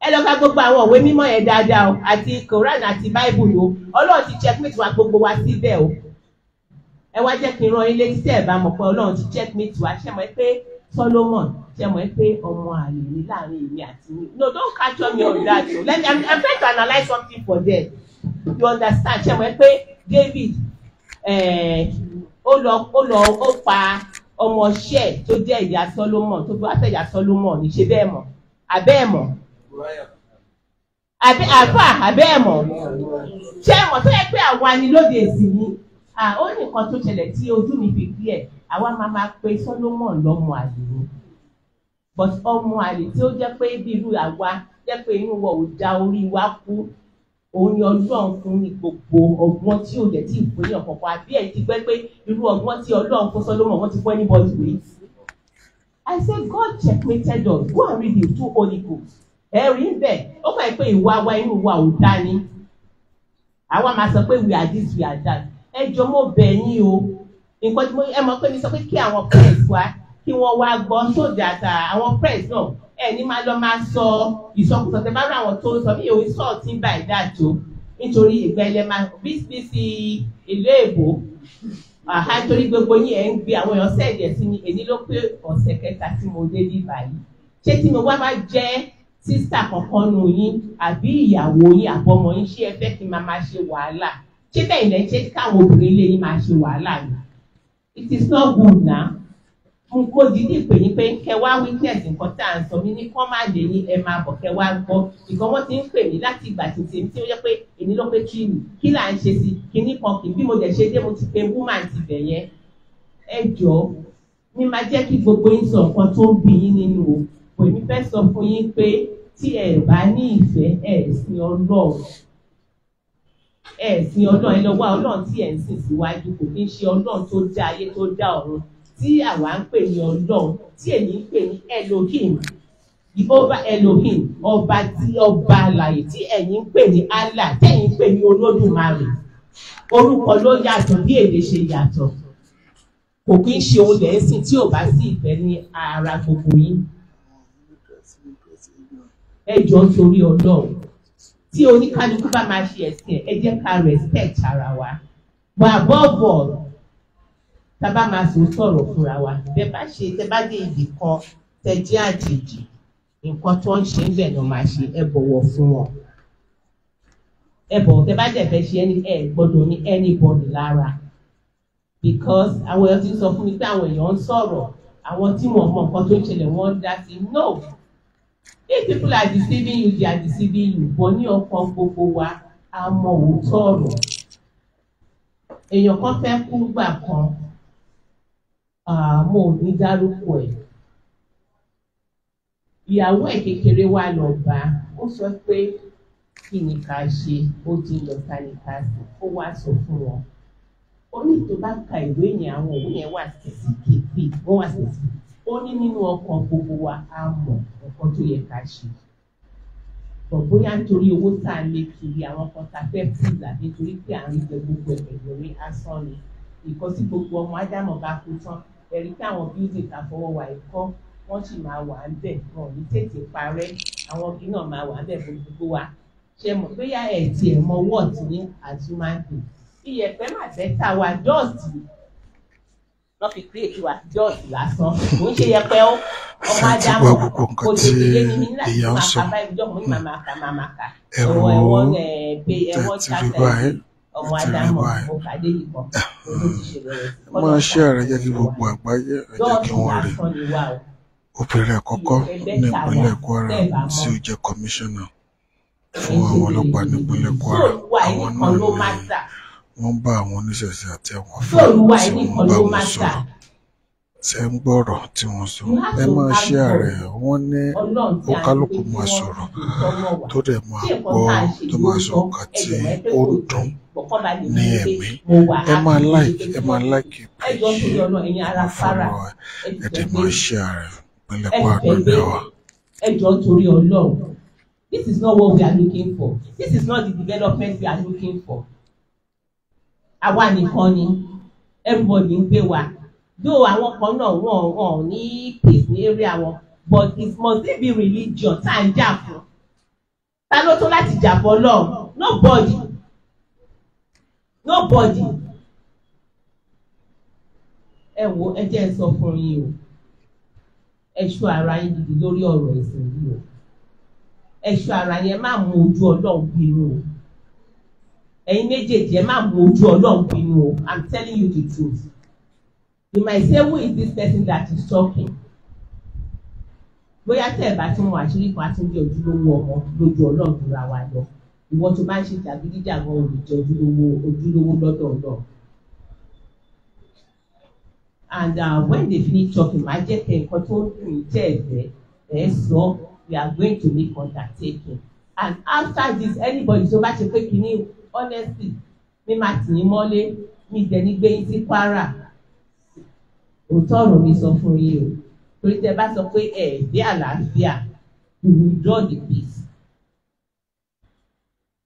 ẹ lọ ka gbogbo àwọn òwe mímọ́ yẹn dáadáa o àti Quran àti Bible o Ọlọ́run ti checkmate wa gbogbo wa síbẹ̀ o ẹ wá jẹ́ kí n rán ilé tí ẹ bá mọ̀ pé Ọlọ́run ti checkmate wa ṣe mọ̀ pé Solomon ṣe mọ̀ pé ọmọ àlè ní láàrin èmi àti mi no don't capture me on that o let me i'm i'm trying to analyse something for there you understand ṣe mọ̀ pé David eh, ó lọ ó lọ ó pa ọmọ ṣẹ́ tó jẹ́ ìyá Solomon tó bá fẹ́ ìyá Solomon ní ṣe bẹ́ẹ̀ mọ̀ abẹ́ ẹ̀ mọ̀ àbí àfà àbẹ́ ẹ̀ mọ̀ ṣe mọ̀ tó yẹ pé àwa ni lóde èsì yìí ó ní nǹkan tó ṣẹlẹ̀ tí ojú mi fi clear àwa máa máa pe Solomon lọ́mọ àlè ni but ọmọ àlè tí ó jẹ́ pé bí irú àwa jẹ́ pé inú wa ò da orí wa kú òun ni ọlọ́run fún ní gbogbo ọgbọ́n tí ò dẹ̀ tí ì fún ní ọ̀kọ̀ọ̀kan àbí ẹ̀ ti gbẹ́ pé irú ọgbọ́n tí ọlọ́run fún Solomon wọ́n ti fún anybody with. I say God check checkmated us go and read the two holy books ẹ̀rí ń bẹ̀ ó mọ̀ pé ìwà wa inú wa ò dá ni àwa máa sọ pé we are this we are that ẹ jọ mọ́ bẹ̀ yín o nǹkan tí mo ẹ mọ̀ pé mi sọ pé kí àwọn press wá kí wọ́n wá gbọ́ tó dàtà àwọn press náà ẹ ní máa lọ máa sọ ìsọkúsọ tẹ bá rà àwọn tó ń sọ mí ò ń sọ tí ń bá ìdá tó nítorí ìgbà ilẹ̀ máa bísí ìlú èbó àhá torí gbogbo yín ẹ̀ ń gbé àwọn èèyàn sẹ́ẹ̀dẹ̀ sí mi èyí ló pé ọ̀sẹ̀ kẹta tí mo dé ní báyìí ṣé tí mo wá bá jẹ́ sísà kankan nù yín àbí ìyàwó yín àbọ̀mọ̀ yín ṣé ẹ fẹ́ kí n máa máa ṣe wàhálà ṣé bẹ́ẹ̀ ilẹ̀ ṣé káwọn obìnrin ilé yín máa ṣe wàhálà yìí it is not good na mo kó dídí pè ní pé kẹ witness nǹkan tá à ń sọ mí ní kán má lè ní ẹ máa bọ̀ kẹ wá gbọ́ ìgbọ́n wọ́n ti ń pè mí láti ìgbà tí tèmi tí ó yẹ pé èmi ló pé kí ni kí là ń ṣe sí kinní kan kì bí mo dẹ̀ ṣe dé mo ti pe woman ti bẹ̀ yẹn ẹ jọ̀ọ́ mi máa jẹ́ kí gbogbo yín sọ nǹkan tó ń bì yín nínú o pèmí fẹ́ sọ fún yín pé tí ẹ bá ní ìfẹ́ ẹ sin Ọlọ́run ẹ sin ọlọ́run ẹ lọ wá ọlọ́run tí ẹ ń sìn síwájú kò kí ń ṣe ọlọ́run tó dá ayé tó dá ọ̀run tí àwa ń pè ní ọlọ́run tí èmi ń pè ní Elohim Jehovah Elohim ọba tí ọba àlàyé tí ẹ̀yin ń pè ní Allah tẹ̀yin ń pè ní Olódùmarè orúkọ ló yàtọ̀ bí èdè ṣe yàtọ̀ kò kí ń ṣe ohun lẹ́sìn tí ò bá sí ìfẹ́ ní ara gbogbo yín ẹ jọ ń torí ọlọ́run tí oníkálukú bá máa ṣe ẹ̀sìn ẹ̀ jẹ́ ká respect ara wa but above all tá a bá máa sọ sọ̀rọ̀ fúnra wa bẹ́ bá ṣe tẹ́ bá dé ibì kan tẹ́ jẹ́ àjèjì nǹkan tó ń ṣe ń bẹ̀ ló máa ṣe ẹ bọ̀wọ̀ fún wọn ẹ bọ̀wọ̀ tẹ́ bá dẹ̀ fẹ́ ṣe ẹni ẹ gbọ́dọ̀ ní anybody lára because àwọn ẹni tí ń sọ fún mi pé àwọn èèyàn ń sọ̀rọ̀ àwọn tí wọ́n mọ nǹkan tó ń ṣẹlẹ̀ wọ́n dá sí no if people are deceiving you they are deceiving you but ní ọkàn gbogbo wa a mọ òótọ́ ọ̀rọ̀ èèyàn kan fẹ́ kú gbà kan mo ò ní dárúkọ ẹ̀ ìyàwó ẹ̀ kékeré wa lọ bá ó sọ pé kí ni ká ṣe ó ti lọ ta ni ká sí ó wá sọ fún wọn ó ní tó bá ka ìwé yẹn àwọn òwe yẹn wà sí kété wọn wà sí kété ó ní nínú ọkàn gbogbo wa a mọ̀ nǹkan tó yẹ ká ṣe bọ̀ bóyá nítorí owó tá a lè kiri àwọn kan tá a fẹ́ tì láti nítorí pé à ń rí jẹ gbogbo ẹgbẹ̀rún ní asán ni ìkọsí gbogbo ọmọ ádámọ̀ bá kú tán ẹ̀rí pé àwọn building àfọwọ́wà ẹ̀kọ́ wọ́n sì máa wà ń bẹ̀ wọn ò ní tètè parẹ́ àwọn igi náà máa wà ń bẹ̀ fún gbogbo wa ṣe mọ̀ bóyá ẹ̀ tiẹ̀ mọ wọ́ọ̀tì ní àtúmáàdì iyẹ̀pẹ̀ màtẹ́ta wa dọ́ọ̀tì lọ́ fi create wa george lásán kò ń ṣe yẹpẹ ó ọmọ ajá mọ kò lè délé ní ní láti máa ka báyìí jọ mọ máa máa ka ẹ̀wọ̀n ẹ̀wọ̀n ẹ̀ẹ́dẹ́ ẹ̀wọ̀n ṣáṣẹ́ ọmọ ajá mọ kò pàdé ìbọn ah, ló ti ṣe rẹ̀ máa ṣe ààrẹ jẹ́ kí gbogbo àgbáyé ẹ̀jẹ̀ kí wọ́n rí obìnrin àkọ́kọ́ ní ìpínlẹ̀ Kwara tí ó jẹ́ kọmíṣánná fún àwọn ọlọ́pàá ní ìpínlẹ̀ Kwara àwọn náà lóye wọ́n ń bá àwọn oníṣẹ̀ṣẹ̀ àti àwọn fáwọn tí wọ́n bá wọn sọ̀rọ̀ ṣe ń gbọ́rọ̀ tí wọ́n sọ ẹ máa ṣe ààrẹ wọ́n ní ó máa sọ̀rọ̀ tó dẹ̀ máa gbọ́ tó máa sọ ọ̀kà ó ń dùn ní ẹ̀mí ẹ máa like ẹ máa like péjì máa fọ́lọ́ ẹ ẹ dẹ̀ máa ṣe ààrẹ pẹ̀lẹ́ pa àdúgbò wa. ẹ jọ torí Ọlọ́run this is not what we are looking for this is not the development we are looking for àwa nìkan ni everybody ń gbé wa though àwọn kan náà wọ́n wọ́n ní peace ní area wọn but it must be religion tá à ń jà fún ta ló tó láti jà fún Ọlọ́run nobody nobody ẹ wo ẹ jẹ́ ẹ sọ fún yín o ẹ ṣọ́ ara yín gidi lórí ọ̀rọ̀ ẹ̀sìn yìí o ẹ ṣọ́ ara yín ẹ má mú ojú Ọlọ́run bínú o ẹ̀yin méjèèjì ẹ má wo ojú ọlọ́run pinnu o i'm telling you the truth you might say who is this person that is talking bóyá tẹ̀ bá tún wọ àṣírí kan àti ní ojúlówó ọmọ lójú ọlọ́run jura wa lọ ìwọ tó bá ń ṣe jàgídíjàgan olùjẹ ojúlówó ojúlówó lọ́dọ̀ ọlọ́run and uh, when they finish talking máa jẹ́ kẹ́ nǹkan tó ń dùn jẹ́ ẹ̀fẹ́ ẹ̀ sọ we are going to make contact undertaking and after this anybody tó bá ṣe pé kí honestly mi máa tì yín mọ́lé mi dẹ̀ ní gbé yín sí kwara òótọ́ ọ̀rọ̀ mi sọ fún yín o torí tẹ bá sọ pé ẹ̀ dé àlàáfíà you will draw the peace.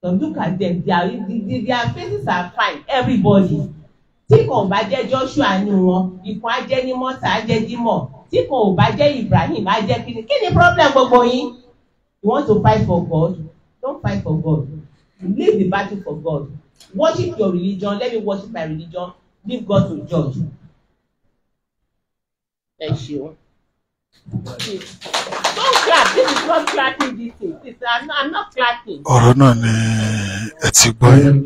So look at them their their faces are fine everybody tí kò bá jẹ́ Joshua ni wọn ìkan á jẹ́ ní mọ́tà á jẹ́ dímọ̀ tí kò bá jẹ́ Ibrahim á jẹ́ kíni kí ni problem gbogbo yín you want to fight for God don't fight for God Leave the battle for God. Worship your religion. Let me worship my religion. Leave God to judge. Thank you. Don't clap. This is not clapping this thing. I'm not, clapping. Ọ̀rọ̀ náà ni ẹ ti gbọ́ yẹn.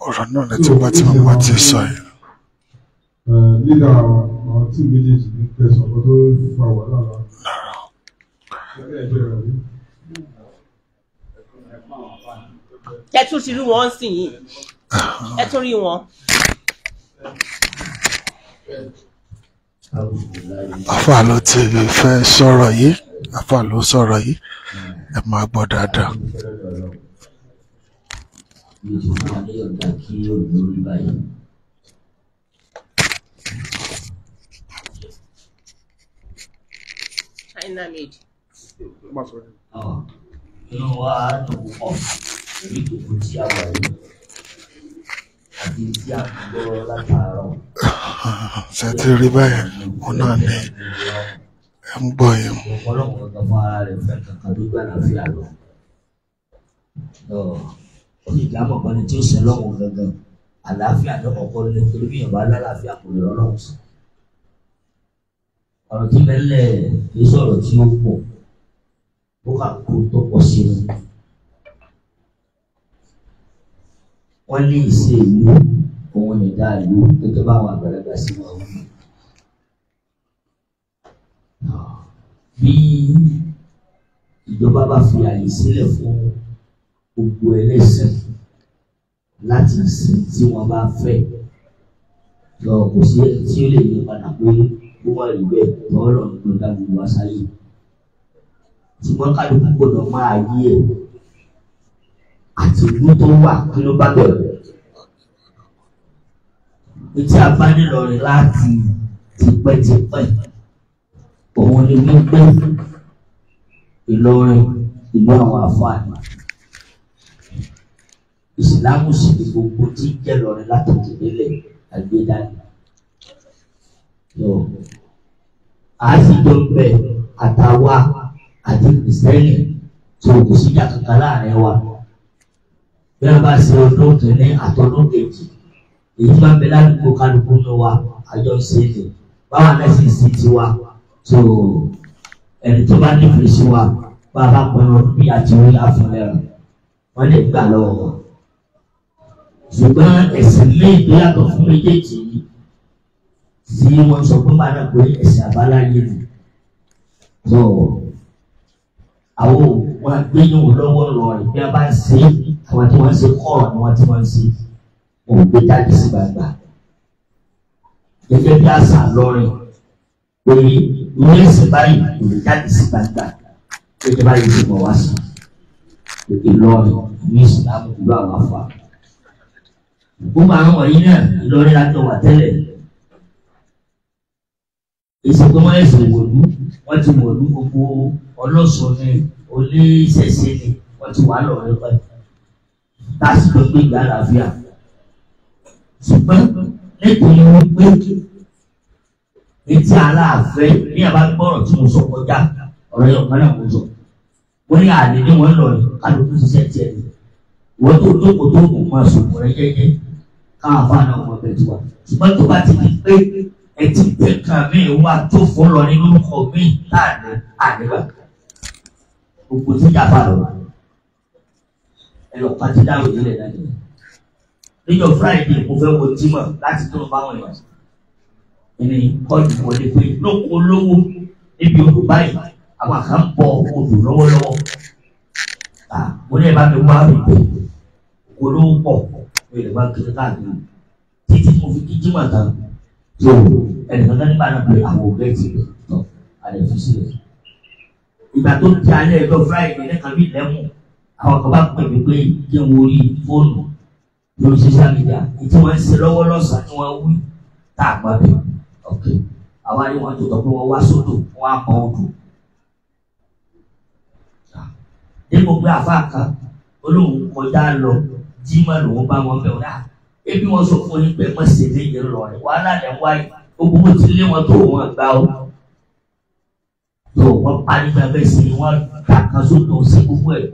Ọ̀rọ̀ náà ni ẹ ti gbọ́ tí mo bá ti sọ yẹn. Lílà àwọn tí méjèèjì ní kẹsàn Lára. ẹ tún ti rí wọn sìn yìí ẹ tún rí wọn. àfa ló ti fẹ́ sọ̀rọ̀ yìí àfa ló sọ̀rọ̀ yìí ẹ máa gbọ́ dáadáa. China made. Ọlọ́run wa dùn púpọ̀ sí ìdòkó tí a wà yìí àti tí a gbọ́ látàárọ̀. ṣe ti rí báyìí wọn náà ní ẹ ń gbọ́ yẹn. ọ̀pọ̀lọpọ̀ ọ̀gá fún ara rẹ̀ fẹ́ kankan bí gbà náà àlọ́ ó ní ìdámọ̀ kan ní tí ó ṣe lọ́wọ́ gangan àlàáfíà ní ọ̀pọ̀ lórí torí bí yorùbá lálàáfíà kò lè rọ́lọ́wọ́ sí. ọ̀rọ̀ tí mẹ́lẹ̀ kì sọ̀rọ̀ tí ó pọ̀ ó kà kó tó pọ̀ sí i. wọ́n lè ṣe ìlú òun nìdá ìlú gẹ́gẹ́ báwọn àgbàlagbà sí wọn wí. Bí ìjọba bá fi àyè sílẹ̀ fún gbogbo ẹlẹ́sìn láti sìn tí wọ́n bá fẹ́ lọ kò sí ẹni tí ó lè yí padà pé ó wà rí bẹ́ẹ̀ tọ́lọ̀ ló dá gbogbo àṣà yìí. Ṣùgbọ́n kálukú gbọ́dọ̀ máa yí ẹ̀ àti ìlú tó wà kí ló bá bẹ̀rẹ̀. Etí abánilọ̀rẹ̀ láti tipẹ́tipẹ́ òun ni wípé Ìlọrin ìlú àwọn àfáàní. Ìsìlámù sì ni gbogbo tí ń jẹ́ lọ́rin láti tìlélẹ̀ àgbéjáde. Àásìjọ ń bẹ̀ àtàwa àti Kìrìsìtẹ́nì tó kò síjà kankan láàrin wa bí wọn bá ṣe ọdún tó ní àtọdún kejì èyí máa ń bẹ ládùúgbò kálukú ní wa àjọ ṣe é ní báwa náà sì sí tiwa tó ẹni tó bá nífẹ̀ẹ́ sí wa bá a bá pọn ọdún bí àti orí àfọlẹ́ rẹ wọn lè gbà lọ́wọ́ wọn. ṣùgbọ́n ẹ̀sìn míì tó yàtọ̀ fún méjèèjì yìí tí wọ́n sọ pé màdàgbé ẹ̀sìn àbáláyé ni àwọn òwò agbẹ́yìn olówó lọ ìgbẹ́ bá ń ṣe àwọn tí wọ́n ń ṣe kọ́ ni wọ́n ti wọ́n ń ṣe òun gbé jáde sí gbangba. gẹ́gẹ́ bí àṣà lọ́rin orí mẹ́sì báyìí kò lè jáde sí gbangba gẹ́gẹ́ báyìí ti mọ̀ wá sí èdè lọ́rin ní ìsìlámù ìlú àwọn afa. gbogbo àwọn wọ̀nyí náà Ìlọrin lájọ wà tẹ́lẹ̀ èsì pé wọ́n ẹ̀sìn wòlú wọ́n ti wòlú gbogbo ọlọ́sùn ni oníṣẹ̀ṣe ni wọ́n ti wà lọ́rẹ́ pẹ́ láti lọ gbé ìgbà àlàáfíà ṣùgbọ́n nítorí wípé etí aláàfẹ́ ní àbá gbọ́rọ̀ tí mo sọ kọjá ọ̀rọ̀ yẹn ọ̀kan náà mo sọ wọ́n ní àlè ní wọ́n lọ kálukú ṣiṣẹ́ tiẹ̀ ni wọ́n tó tó kò tó kò máa sòkò rẹ jẹ́jẹ́ káwọn afá náà wọ́n bẹ̀ tiwa ṣùgbọ́n tó bá ti di pé ẹtí pẹ̀ka mi wà tó fọ́ lọ nínú ọkọ̀ mi láàrin àdébà gbogbo tí ìjà bá lọ wà ẹ̀rọ pàtí dáhùn ìdílé dájú. níjọ́ friday mo fẹ́ wo jímọ̀ láti tó báwọn ìwà ẹni kọ́ọ̀dù wọlé pé lóko lówó níbi odò báyìí àwọn àkàn bọ odò lọ́wọ́lọ́wọ́ mo ní ẹ bá mi wá mi pé kò lówó pọ̀ mi lè wá kiri káàkiri títí mo fi kí jímọ̀ tán tó ẹnìkan kan nígbà náà pé àwọn òbí ti lè tọ́ àlẹ́ fi sílẹ̀ ìgbà tó ti alẹ́ ẹjọ́ friday lẹ́ka bíi lẹ́mù àwọn kan bá pè mí pé kí n wo orí fóònù lórí social media tí wọ́n ń ṣe lọ́wọ́ lọ́sàn-án tí wọ́n wí tá a gbọ́ bẹ́ẹ̀ ọ̀kẹ́ àwọn àni wọn tó tọ́ pé wọ́n wá sódò wọ́n á pọ̀ odò. dépò pé àfáà kan olóhùn kọjá lọ jimá lòún bá wọn bẹ̀rù náà ebi wọn sọ fún yín pé mọ̀ sí ilé yẹn lọ rẹ̀ wàhálà lẹ́wọ́ àyè gbogbo ti lé wọn tó wọn gbá o tó wọ́n parí bí abẹ́ sí wọ́n kàkà sóto sí gbogbo ẹ̀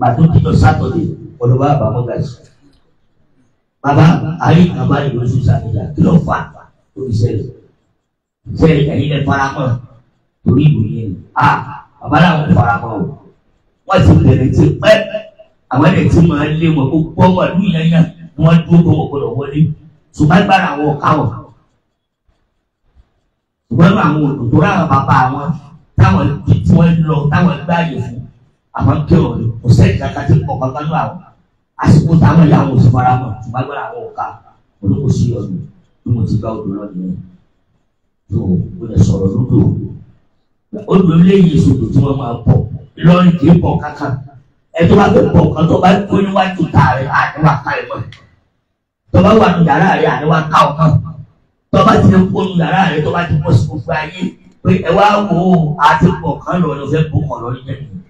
pàtó títọ́ sátọ̀dé ọlọ́wọ́ àbámọ́ gàdí. bàbá ayé bàbá yìí lóṣù sàmìlà kí ló fà lórí sẹ́yìn sẹ́yìn ẹ̀yin lẹ farakọ̀ torí ìlú yẹn a bàbá làwọn farakọ̀ o wọ́n ti bẹ̀rẹ̀ ti pẹ́ àwọn ẹ̀ ti máa lé wọn gbogbo ọmọ ìlú yẹn yẹn wọ́n dúró wọ́n gbọ́dọ̀ wọlé ṣùgbọ́n agbára àwọn ọ̀ká ṣùgbọ́n àwọn òdò tó rára bàbá wọn táwọn bí tí wọ́n lọ táwọn gbáàyè fún àwọn kí ọ̀rẹ́ kò sẹ́yìn kankan tí kò kankan lọ àwọn àsìkò táwọn ìyá wọn ò sì fara mọ́ ṣùgbọ́n agbára àwọn ọ̀ka olóko sí ọ̀dọ̀ bí mo ti gba odò náà nìyẹn tó o lè sọ̀rọ̀ lódò odò léyìí sòdò tí wọ́n máa bọ̀ lọ́rìn kì í bọ̀ kankan ẹ̀tọ́ bá bọ̀ kan tó bá kó níwájú tààrẹ àdéhùn àkàrẹ̀ mọ́ tọ́ba ti kó nu yàrá rẹ tọ́ba ti bọ́ sí gbogbo ayé pé ẹ wá wo àti kọ̀ọ̀kan lọ lọ fẹ́ bó kàn lọ níjẹ́ nìyẹn.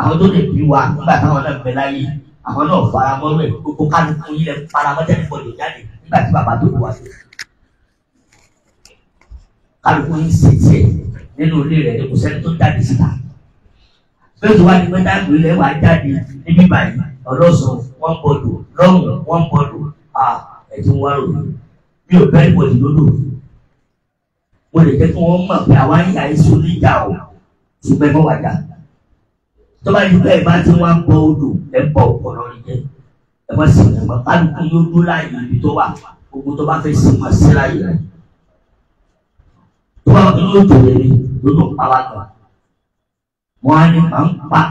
àwọn tó lè bí wa nígbà táwọn náà bẹ láyé àwọn náà faramọ́ rẹ̀ gbogbo kálukú yílẹ̀ faramọ́ tẹ́lẹ̀ gbọ́dọ̀ jáde nígbà tí bàbá tó wà sí. kálukú yín ṣe tiẹ̀ nínú ilé rẹ̀ ni kò sẹ́ni tó jáde síta. bẹ́ẹ̀ tó wá ní pẹ́ẹ́tà ìgbélé wa jáde níbí báyìí ọlọ́sùn wọ́n bọ̀dọ̀ lọ́rùn wọ́n bọ̀dọ̀ à ẹ̀dùn wárò mi ò bẹ́ẹ̀ wọ̀ ìlódò mo lè jẹ́ kí wọ́n mọ̀ pé àwa ń yà iṣu níjà o ṣùgbọ́n ẹ bọ́ wà dà tó bá yí bẹ́ẹ̀ bá ti wá ń bọ odò ẹ bọ̀ ọ̀pọ̀lọ́ yẹ ẹ bá sì ẹ̀ bá kálukú yóò dún láàyè ibi tó wà gbogbo tó bá fẹ́ sí wọn sí láàyè rẹ̀ tó bá yí yóò tòlẹ̀ mi lódò pàwọ́ wọn á ní màá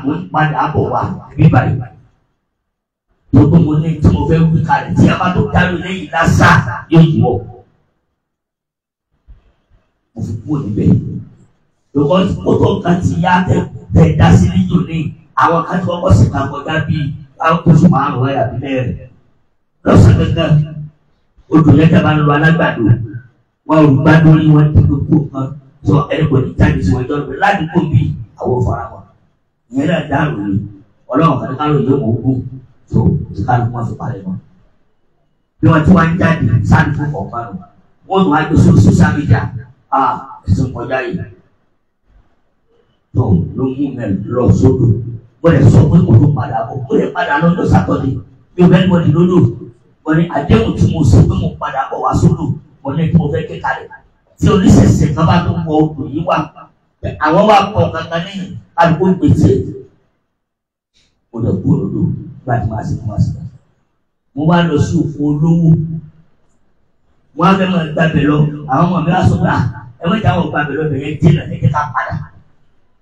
ń padà bọ̀ wá bíbáyìí gbogbo mo ní tí mo fẹ́ wí kalẹ̀ tí a bá tó dárò lẹ́yìn lásà yóò jù ọ́. mo fi kúrò níbẹ̀ lọ́kọ́ ó tó nǹkan ti yá tẹ̀ dá sí níjò ní àwọn kan tí wọ́n kọ́ sí kan kọjá bíi oṣù márùn-ún ẹ̀ àbí mẹ́rin lọ́sàn-án gangan odò lẹ́tà bá ń lo alágbàdo wọn ò gbádùn ní wọn ti gbogbo kan sọ ẹnìkọ̀ọ́dì jáde sí wọn jọ lọ ládùúgbò bíi àwọn fara wọn ìyẹn náà dáhùn ni ọlọ́run kan ká lóye òun ó gbó so ìkàlùkù wọn fi parẹ́ wọn. bí wọ́n ti wá ń jáde sáàdì fún ọ̀pá rẹ̀ wọ́n tún wá gbé sórí social media a ah, ẹ̀sìn kọjá yìí. tó ló mú mẹ́ lọ sódò wọ́n lè sọ pé òun padà bọ̀ ó lè padà lọ́jọ́ sátọ̀dẹ̀ bí wọ́n bẹ́ẹ̀ ní lódò wọ́n ní àdéhùn tí mo ṣe pé mo padà bọ̀ gba tí màá sì fún wa sí i. mo wá lọ sí òfò olówó wọn á fẹ́ máa gbàgbé lọ àwọn ọmọ mi á sọ pé ah, ẹ wọ́n jà wọ́n gbàgbé lọ bẹ̀rẹ̀ dín náà ẹ̀jẹ̀ ká padà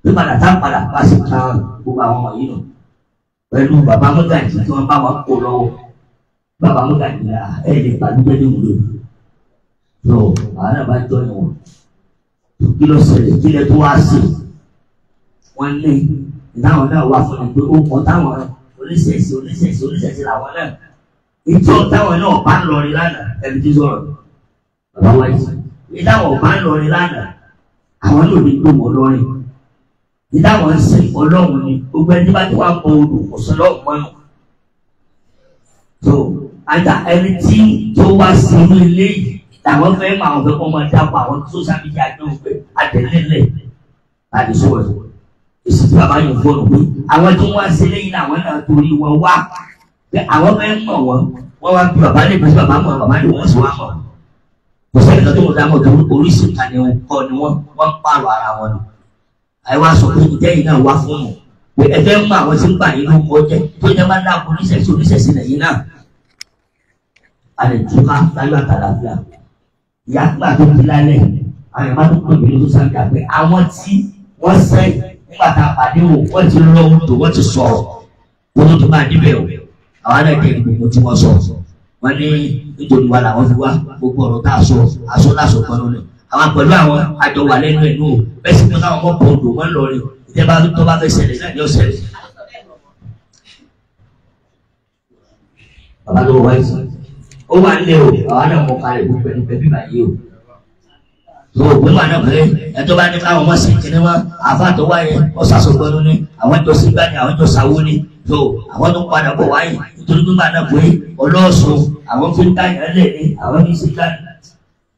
bí padà tá padà bá sì ta gbogbo àwọn ọmọ yìí nù pẹ̀lú bàbá mọ́gàjì tí wọ́n bá wọn kó lọ́wọ́ bàbá mọ́gàjì là ah, ẹ̀ lè gbàdúgbẹ́ ní ìwúlò yọ àwọn náà bá jọ ìwọ̀n kí ló ṣẹlẹ̀ kí lẹ tó wá sí wọn lé ìdáhùn náà wá fún mi pé ó kọ táwọn oníṣẹ̀ṣe oníṣẹ̀ṣe oníṣẹ̀ṣe làwọn náà ìjọ táwọn náà bá ń lọ lánàá ẹni tí sọ̀rọ̀ bàbá wa yìí ní bá ń lọ lánàá àwọn náà ní gbòmọ lọrin ní ń sìn ọlọ́run ni gbogbo ẹni bá ti wá bọ odò ọ̀sọ́lọ́ọ̀ mọ́nà tó àjà ẹni tí tó wá sí inú ilé yìí làwọn fẹ́ máa wọn fẹ́ kọ́ máa dábọ̀ àwọn tó sábìyà náà pé àtẹ̀lẹ́lẹ̀ àdìsọ́wọ́sọ́ èsì tí bàbá yẹn fọ́ọ̀nù pé àwọn tí wọ́n á ṣe lẹ́yìn náà àwọn náà torí wọn wá pé àwọn bẹ́ẹ̀ ń mọ̀ wọn wọ́n wá bí bàbá lè bí bàbá mọ̀ bàbá lè wọ́n sì wá mọ̀ kò sẹ́ni kan tó ń tó oríṣi kan ni kọ́ ni wọ́n wọ́n pààrọ̀ ara wọn nù àyè wá sọ pé ìtẹ́yìn náà wá fún mọ̀ pé ẹgbẹ́ ń pa àwọn tí ń gbà yín ló kọ́ jẹ́ tó jẹ́ máa ń dáàbò oníṣẹ̀ṣe oníṣẹ̀ṣe lẹ́yìn náà a lè tún ká láyọ̀ àtàlàfíà wọ́n sẹ́yìn nígbà tá a pàdé wò wọ́n ti lọ ohun tó wọ́n ti sọ̀rọ̀ wọ́n tó tó máa níbẹ̀ o àwọn náà dé gbogbo tí wọ́n sọ wọ́n ní nítorí wa làwọn fi wá gbogbo ọ̀rọ̀ tá a sọ àsọ láṣọ kan lónìí àwọn pẹ̀lú àwọn àjọ wà lẹ́nu ẹ̀ nù o bẹ́ẹ̀ sì mú táwọn ọkọ̀ odò wọn lọ rí ìjẹba tó bá fẹ́ ṣẹlẹ̀ náà ni ó ṣẹlẹ̀. bàbá ló wáyé sọ ó wà nílé o àwọn náà mọ̀ kárẹ̀ gbogbo ẹni ìbàyè o òògùn wà náà pé ẹjọ́ bá ní káwọn wọ́n sì kíní wọn àáfàá tó wáyé wọ́n ni àwọn tó sì gbá ni àwọn tó sàwó ni tó àwọn tó ń padà bọ̀ wáyé nítorí nígbà náà pé ọlọ́ọ̀sùn àwọn tó ń dáyà lẹ̀ ní àwọn ní sí dáyà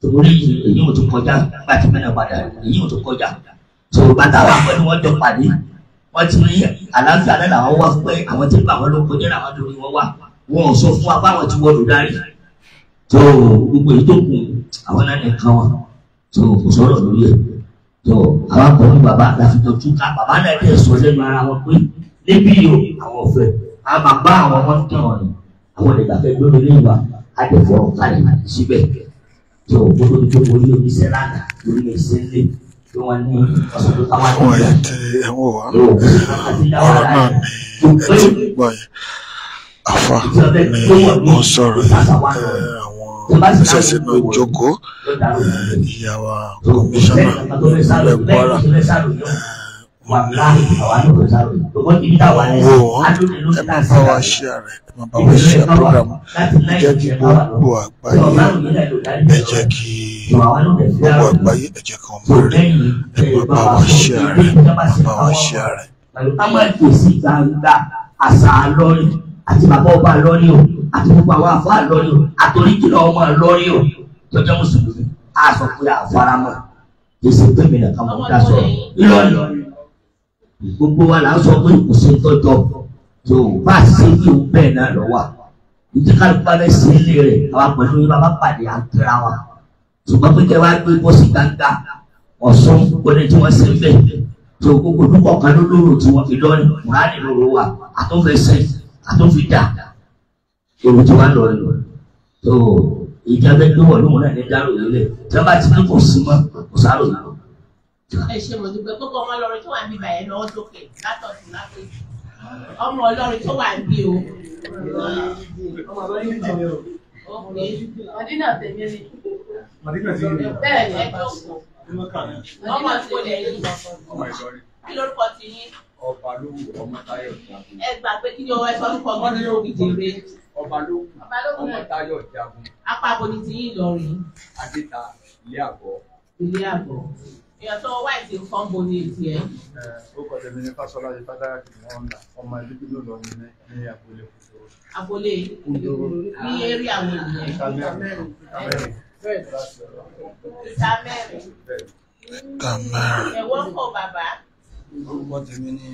torí èyí ò tó kọjá nígbà tí mẹ́nà padà èyí ò tó kọjá tó bàtà wà pẹ̀lú wọn jọ pàdé wọ́n ti ní àlàáfíà náà làwọn wá pé àwọn tí bàwọn ló kọjá làwọn lórí tó kò sọ̀rọ̀ lórí ẹ̀ tó àwọn akọrin bàbá àdàfihàn tún ká bàbá náà dẹ̀ sọ lẹ́nu ara wọn pé níbí yìí o àwọn ọ̀fẹ́ a máa bá àwọn ọmọ ń tàn ọ̀rìn àwọn ìgbà fẹ́ gbé orí ìwà àdẹ̀fọ́ kalẹ̀ àti síbẹ̀ tó gbogbo tó orí oníṣẹ́ lánàá orí oníṣẹ́ lé tí wọ́n ní ọ̀sọ̀tò táwọn ọ̀rẹ́ tí ẹ wò wá ọ̀rọ̀ náà ni ẹ ti gbọ́ yẹn àfa ni ìṣẹ̀ṣẹ̀ náà jókòó eh, ìyá wa kọmíṣánná ìpínlẹ̀ Kwara eh, wọ́n ní owó ẹ máa bá wa ṣe ààrẹ ẹ máa bá wa ṣe àpọ́gàmù ẹ jẹ́ kí gbogbo àgbáyé ẹ jẹ́ kí gbogbo àgbáyé ẹ kí wọ́n mọ̀ ẹ máa bá wa ṣe ààrẹ ẹ máa bá wa ṣe ààrẹ. pẹ̀lú táwọn ètò gbangba àṣà lọ́rìn àti bàbá ọba lọ́rìn o àti gbogbo àwọn àfa àlọ́rí o àtòrí kìlọ̀ ọmọ àlọ́rí o tọ́jọ́ mùsùlùmí a sọ pé àfaramọ́ èsì pèmí nìkan mọ̀ dá sọ Ìlọrin gbogbo wa là ń sọ pé kò sí tọ́jọ́ Yorùbá ṣe yíò bẹ́ẹ̀ náà lọ́wọ́ ìdí kálukú bá fẹ́ sí ilé rẹ̀ àwa pẹ̀lú yín bàbá pàdé àkẹ́ra wa ṣùgbọ́n pé kẹ́ gbé bọ́ sí gbangba Ọ̀ṣun gbọ́dọ̀ tí wọ́n ṣe ń bẹ̀ tó gbogbo olùkọ̀ọ̀kan ló lóòrò tí wọ́n fi lọ́rùn Kùránì lóòrò wa àtúnfẹ́ sẹ́yìn àtúnfi dà ewu tí wà ń lọ rẹ lọ tó ìjà bẹ lówó lóhùn náà ní dárò yìí lẹ tí wọn bá ti ní kò sí mọ kò sáró náà. ẹ ṣe mo dúpẹ́ kókó ọmọ ọlọ́rin tó wà níbi bàyẹ̀ lọ́wọ́ sókè látọ̀tún látọ̀tún ọmọ ọlọ́rin tó wà níbi o. ọmọ ọlọ́rin tó wà níbi o. Madina tẹ̀mí ni. Madina tẹ̀mí ni. Bẹ́ẹ̀ ni ẹ jọ̀wọ́. Ọmọ tí o lè yí. Kí lórúkọ ti yín? ọba ló wù ọmọtayọ jagun. ẹ gbà pé kí ni ọwọ́ ẹ sọ fún ọmọ nínú òbí jèrè. ọba ló wù ọmọtayọ jagun. apapọ̀ ni ti yín lọrin. adéta ilé àgọ́. ilé àgọ́ ìyàtọ̀ wáìtì nǹkan bo ni ètì ẹ̀. ó kọ́ tẹ̀mí ní fásọlá yìí fádà kì í wọ́n là ọmọ ẹ̀dínkù ló lọ ní ní àpòlé kòtòrò. àpòlé kòtòrò ní eré àwọn ènìyàn. ìta mẹ́rin ìta mẹ́rin. ìta mẹ́rin. ẹ̀wọ́n kọ̀ bàbá orúkọ tèmi ni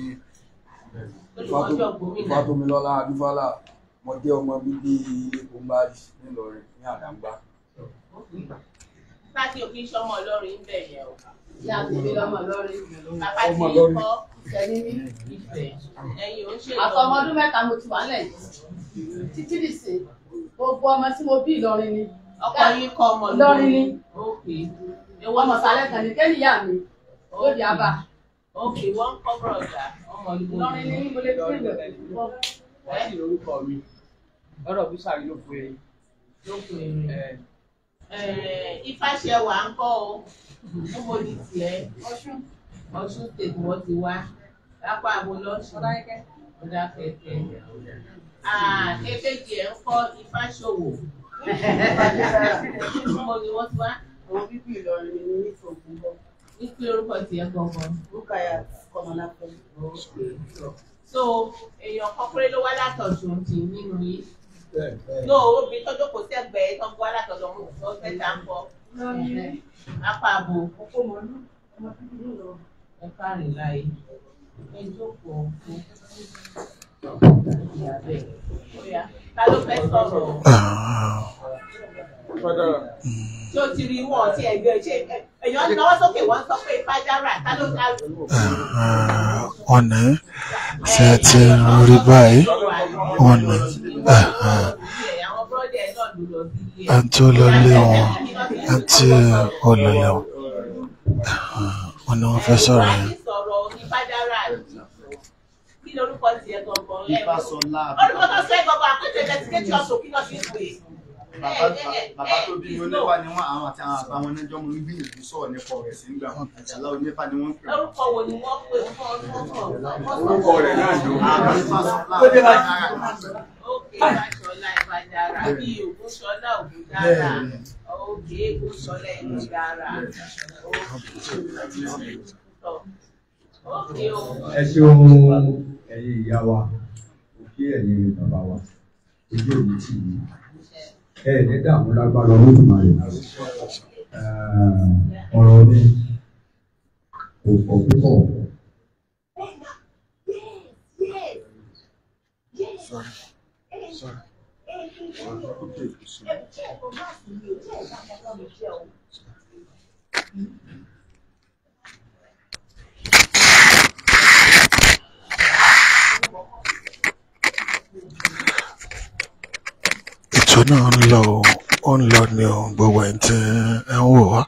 Fátómilọ́lá Adúfálà mo jẹ́ ọmọ bíbí ilé Kóńbárì nílọrin ní Àdàngbá. bá a ti òkè iṣẹ́ ọmọ Ìlọrin ń bẹ̀rẹ̀ o ìyá tèmi lọ́mọ Ìlọrin bàbá tí ń kọ́ tẹ̀lé ní ìfẹ́ ẹ̀yìn ò ń ṣe lọ. àfọmọ ọdún mẹ́ta mo ti wà nílẹ̀ yìí títí dìsè gbogbo ọmọ tí mo bí Ìlọrin ni. ọkọ yín kọ ọmọ Ìlọrin ni. ọmọ sàlẹ̀ kan ní kẹ́niyà mi ó di abà. Okay, wọ́n kọ́ bọ̀dà ọmọ Ìlọrin ní mo lè tún ìbẹ̀rẹ̀ lọ́wọ́. Wọ́n sì lórúkọ mi. Lọ́dọ̀ Bísàrí ló fún erin. Ló fún erin. Ifáṣẹwà ń kọ́ o. Mo mo di tiẹ̀. Ọ̀ṣun. Ọ̀ṣun tètè wọ́n ti wá. Lápá àbò lọ́sùn. Ọ̀dákẹ́. Ọ̀dákẹ́kẹ́. Èkejì ẹ̀ ń kọ́ Ifáṣòwò. Mo [LAUGHS] ni wọ́n ti wá. Àwọn bíbí Ìlọrin ni ní ìfòkúnbọ̀ kí lórúkọ tiẹ̀ gangan. Rukayat Kọ́mọlápẹ́. so èèyàn kọ́kúrẹ́ ló wá látọ̀dún tì nínú yìí. no obìnrin tó jókòó sẹ́gbẹ̀ẹ́ tó ń wá látọ̀dún ọmọ tó fẹ́ ta ń bọ̀. apá àbò ẹ̀ka rìn láàyè ẹ jókòó. Tí ó ti rí wọn ti ẹgbẹ́ ṣe èèyàn náwó sókè wọ́n sọ pé fájárà tá Ọ̀nà ṣe ti rí báyìí, ọ̀nà àti ah, ah. olólè wọn àti olólè wọn, ah, ọ̀nà wọn fẹ́ sọ̀rọ̀ yẹn ni orúkọ tiẹ̀ gangan ẹ wò orúkọ tó sọ ẹ gangan àpètè lẹtíkẹtì ọsùn kí lọ fi pè bàbá tó bí onífà ni wọn àwọn àti àwọn àbá wọn náà jọ mọ gbìyànjú sọ̀rọ̀ nípa ọ̀rẹ́ sí nígbà wọn àjàlá onífà ni wọn pè. orúkọ wo ni wọn pè fún ọdún orúkọ rẹ náà ló ń bá ó dé láti. ókè ìbáṣọlá ìbájára bí ògúnṣọlá ògúndára ókè ògúnṣọlá ìbájára ókè. ókè o. ẹ ṣeun ẹ̀yin ìyá wa òkè ẹ̀yin bàbá wa ojú èyí tì mí ẹ ní dààmú lágbára olódùmarè ọ̀rọ̀ mi kò pọ̀ púpọ̀. Sorry. Sorry. náà ń lọ ó ń lọ ní ohun gbogbo ẹ̀ tí ẹ ń wò wá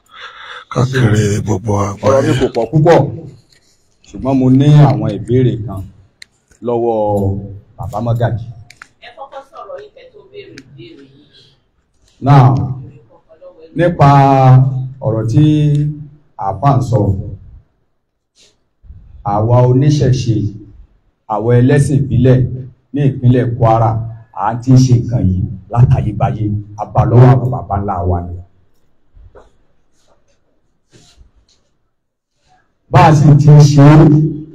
káàkiri gbogbo àgbáyé. ọ̀rọ̀ mi kò pọ̀ púpọ̀ ṣùgbọ́n mo ní àwọn ìbéèrè kan lọ́wọ́ bàbá mọ́gàjì. ẹ kọ́kọ́ sọ̀rọ̀ ìfẹ́ tó béèrè ìbéèrè yìí. náà nípa ọ̀rọ̀ tí àáfàá ń sọ àwa oníṣẹ̀ṣe àwa ẹlẹ́sìn ìbílẹ̀ ní ìpínlẹ̀ Kwara à ti ṣe nǹkan yìí látàyébáyé abalọ́wọ́ àwọn baba ńlá wa ni. bá a sì ti ṣe é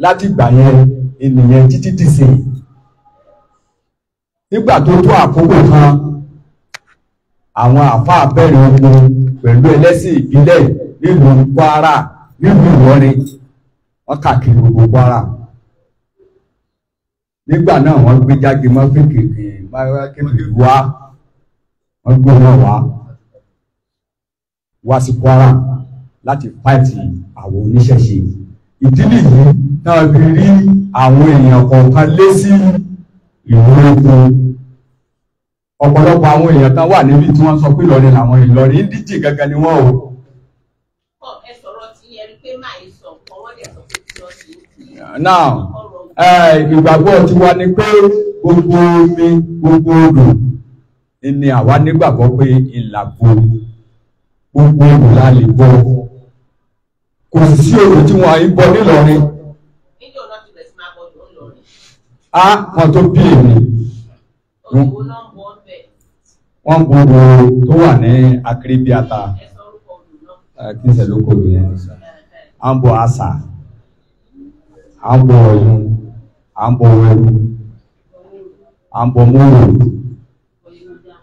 látìgbà yẹn ènìyàn títí dìsìn nígbà tó tó àkókò kan àwọn àáfàá bẹ̀rẹ̀ ogun pẹ̀lú ẹlẹ́sìn ìbílẹ̀ nílùú Kwara nílùú Ìlọrin wọ́n kàkiri gbogbo Kwara nígbà náà wọ́n gbé jáde mọ́ kékeré wá wọ́n gbé wọn wá wá sí Kwara láti fáìtì àwọn oníṣẹ̀ṣe ìdí nìyí náà fi rí àwọn èèyàn kọ̀ọ̀kan lé sí ìlú epo ọ̀pọ̀lọpọ̀ àwọn èèyàn kan wà níbi tí wọ́n sọ pé Ìlọrin làwọn Ìlọrin ń díje gangan ni wọ́n o. ẹ sọ̀rọ̀ tí ẹ rí pé máa ń sọ ọwọ́ dẹ̀ sọ pé tí ìgbàgbọ́ tiwa ni pé gbogbo omi gbogbo odò ni àwa nígbàgbọ́ pé ìlàbò gbogbo ìlà lè bọ́ kò sì sí òru tí wọ́n ń bọ́ nílọrin. a kan tó bí èmi wọ́n bu odò tó wà ní akérébíàta kí n sẹ́ ló kó lu yẹn à ń bọ àṣà à ń bọ ọ̀yún à ń bọ wẹ́rú à ń bọ mọ́rùn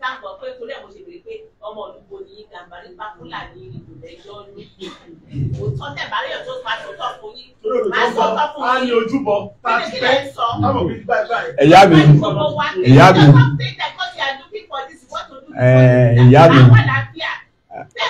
thank God pé torí ẹ̀ ṣe pé ọmọ olùgbò ní gàmbarí pákúlà ní ìlú ní òótọ́ tẹ̀ bá rí ọ̀tọ́ máa sọ̀tọ̀ fún yín máa sọ̀tọ̀ fún yín. a ní ojúbọ tá a ti fẹ́ táwọn òbí bá bá ẹ̀. ẹ̀yà mi ẹ̀yà mi ẹ̀yà mi. bẹ́ẹ̀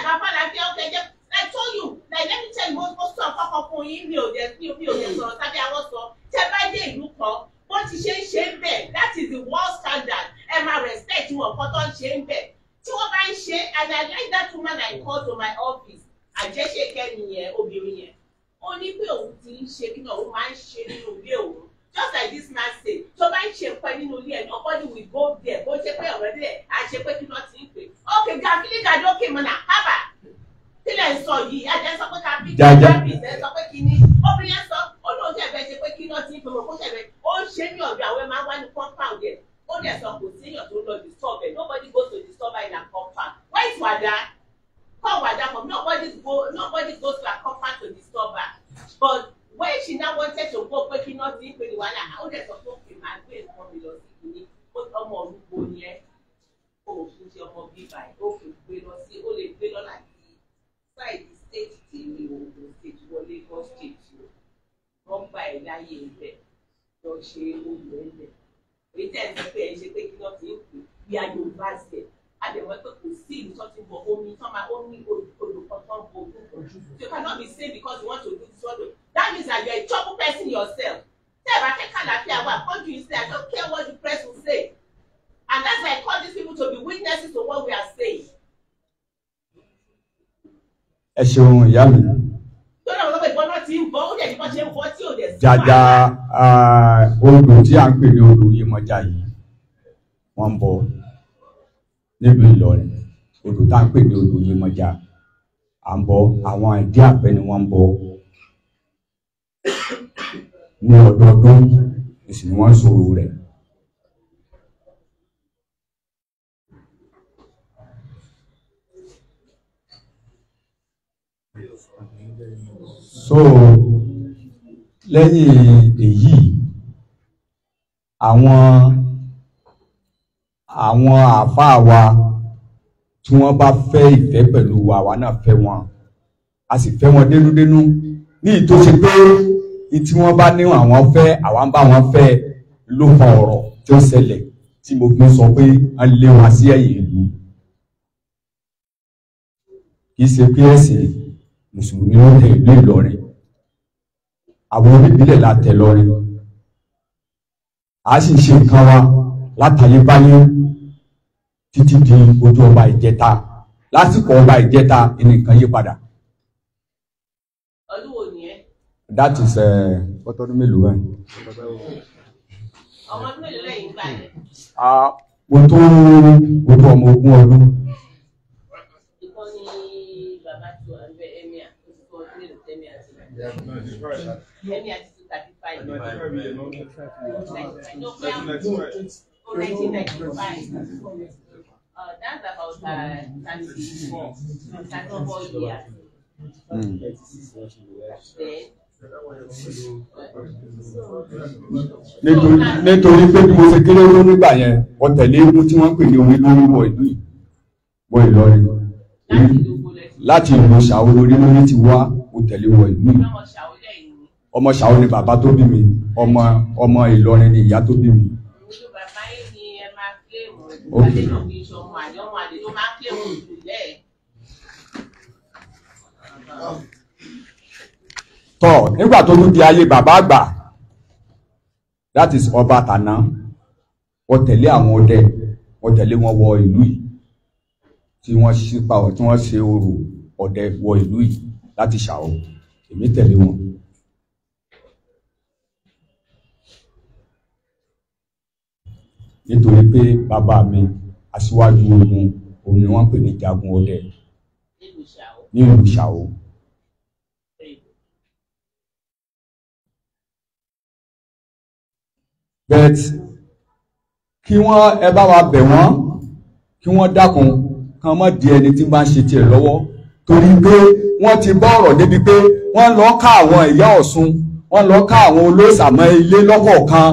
bá bá làbí ọkọ̀ ẹ̀jẹ̀ I told you na ẹ̀jẹ̀ mi tẹ̀ ìwé ó sọ kọ́kọ́ fún yín mi ò dẹ̀ mi ò dẹ̀ sọ̀rọ̀ sábẹ́ àwọn sọ tẹ́ bá dé ìlú kan bó ti ṣe ń ṣe ń bẹ̀ that is the world standard ẹ máa respect wọn nǹkan tó ń ṣe ń bẹ̀ tí wọ́n bá ń ṣe and I like that woman I call to my office àjẹṣekẹ́ nìyẹn obìnrin yẹn ó ní pé òun ti ń ṣe nínú òun máa ń ṣe nínú ilé òun just like this man say tó bá ń ṣe nǹkan nínú ilé ẹ̀ nobody will go there bó ṣe pé ọ̀rẹ́ dẹ̀ àṣepé kí wọ́n ti ń pè okay gàfílì gàdókè mọ̀nà hábà kílẹ̀ ń sọ yìí ajá sọ pé kábí kábí ẹ sọ pé kíní obìnrin sọ olóòjẹ́ ẹ̀fẹ́ ṣe pé kíní ọtí ìfowópamọ́ ṣẹ̀fẹ́ ó ń ṣe ní ọ̀dọ̀ àwọn ẹ̀ máa wá ní compound yẹn ó dẹ̀ sọ kò sí èèyàn tó lọ disturb ẹ̀ nobody go to disturb her in her compound Why is wada come wada from nobody go nobody go to her compound to disturb her but when she now wanted to go pé kí náà ti ń pè ní wàhálà ó dẹ̀ sọ pé òkè máa gbé nǹkan mi lọ sí kìíní ó ọmọ orúkọ yẹn kò fún ti ọmọ bíbá ẹ̀ ó fi gbé lọ sí ó lè gbé lọ láti sáìdì stage ti ní ogun stage wọlé first stage o nọ́mbà ẹ̀ láyé ibẹ̀ lọ ṣe olùẹ́lẹ̀ èyí tẹ̀ ń sọ pé ẹ̀ ń ṣe pé kí wọ́n ti ń pè bí a yorùbá ṣe àdèmọ́ pé kò sí ìlú tó ti wọ omi tó máa ó ní olùkọ́ tó ń bo ogún ojú so you cannot be safe because you want to do this one day that means that you are a trouble person yourself tẹ́ ẹ̀ bá fẹ́ kàlàfíà wà kọ́jú yìí say I don't care what the press will say and that's why I call these people to be witnesses to what we are saying. ẹ ṣeun ìyá mi lọ́dọ̀ jaja odò tí a ń pè ní odò Yemọja yìí wọ́n bọ nílùú Ìlọrin odò tá a ń pè ní odò Yemọja à ń bọ àwọn ìdí àpẹ ni wọ́n bọ ní ọdọọdún ìsìn wọn sọ̀rọ̀ rẹ̀ so lẹ́yìn èyí àwọn àwọn àáfàá wa tí wọ́n bá fẹ́ ìfẹ́ pẹ̀lú wa àwa náà fẹ́ wọn a sì fẹ́ wọn dénúdénú ní ìtòsí pé tí wọ́n bá ní àwọn fẹ́ àwa ń bá wọn fẹ́ ló fa ọ̀rọ̀ tí ó ṣẹlẹ̀ tí mo fi sọ pé a lé wa sí ẹ̀yìn ìlú kì í ṣe pé ẹ̀sìn mùsùlùmí lóde ìlú Ìlọrin àwọn oníbílẹ̀ la tẹ̀ lọ́rin a sì ṣe nǹkan wa látàyébáyé títí di ojú ọba ìjẹta lásìkò ọba ìjẹta nìkan yí padà. that is ọtọdún eh, mélòó ẹ. ọmọ mélòó lẹ́yìn gbà yẹn. Ah, o tó o tó ọmọ ogún ọdún. Èmi àti two thirty five. nítorí pé bí mo ṣe kéré owó nígbà yẹn wọ́n tẹ̀lé ewu tí wọ́n pè ní omi lórí wọ ìlú yìí wọ Ìlọrin láti ìlú ṣàwọn orí lórí ti wá kó tẹ̀lé wọ ìlú yìí ọmọ ṣàwó ni bàbá tó bí mi ọmọ ọmọ Ìlọrin ni ìyá tó bí mi. tọ́ nígbà tó ń di ayé bàbá àgbà that is ọba tàná wọ́n tẹ̀lé àwọn ọdẹ wọ́n tẹ̀lé wọn wọ ìlú yìí tí wọ́n ṣípa tí wọ́n ṣe orò ọdẹ wọ ìlú yìí láti ṣàwọ́ èmi tẹ̀lé wọn nítorí pé bàbá mi aṣíwájú ogun òun ni wọ́n pè ní jagun ọdẹ nílùú ṣàwọ́ bet kí wọ́n ẹ bá wa bẹ̀ wọ́n kí wọ́n dákun kan mọ́ di ẹni tí ń ń ṣe tiẹ̀ lọ́wọ́ torí pé wọ́n ti bọ́ ọ̀rọ̀ débi pé wọ́n lọ ká àwọn ìyá Ọ̀ṣun wọ́n lọ ká àwọn olóòsàmọ́ ilé lọ́kọ̀ọ̀kan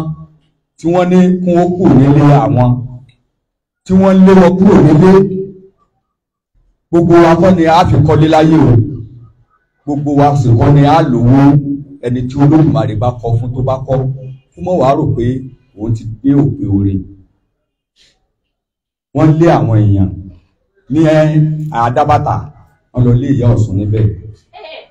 tí wọ́n ní kún ó kù nílé àwọn tí wọ́n lé wọn kúrò nílé gbogbo wa kọ́ ni a fi kọ́lé láyé o gbogbo wa sì kọ́ ni a lówó ẹni tí Olódùmarè bá kọ fún tó bá kọ́ fún mọ́ wàá rò pé òun ti dé òpin oore wọ́n lé àwọn èèyàn ní àdábàtà wọ́n lọ lé ìyá Ọ̀ṣun níbẹ̀. Eh, eh,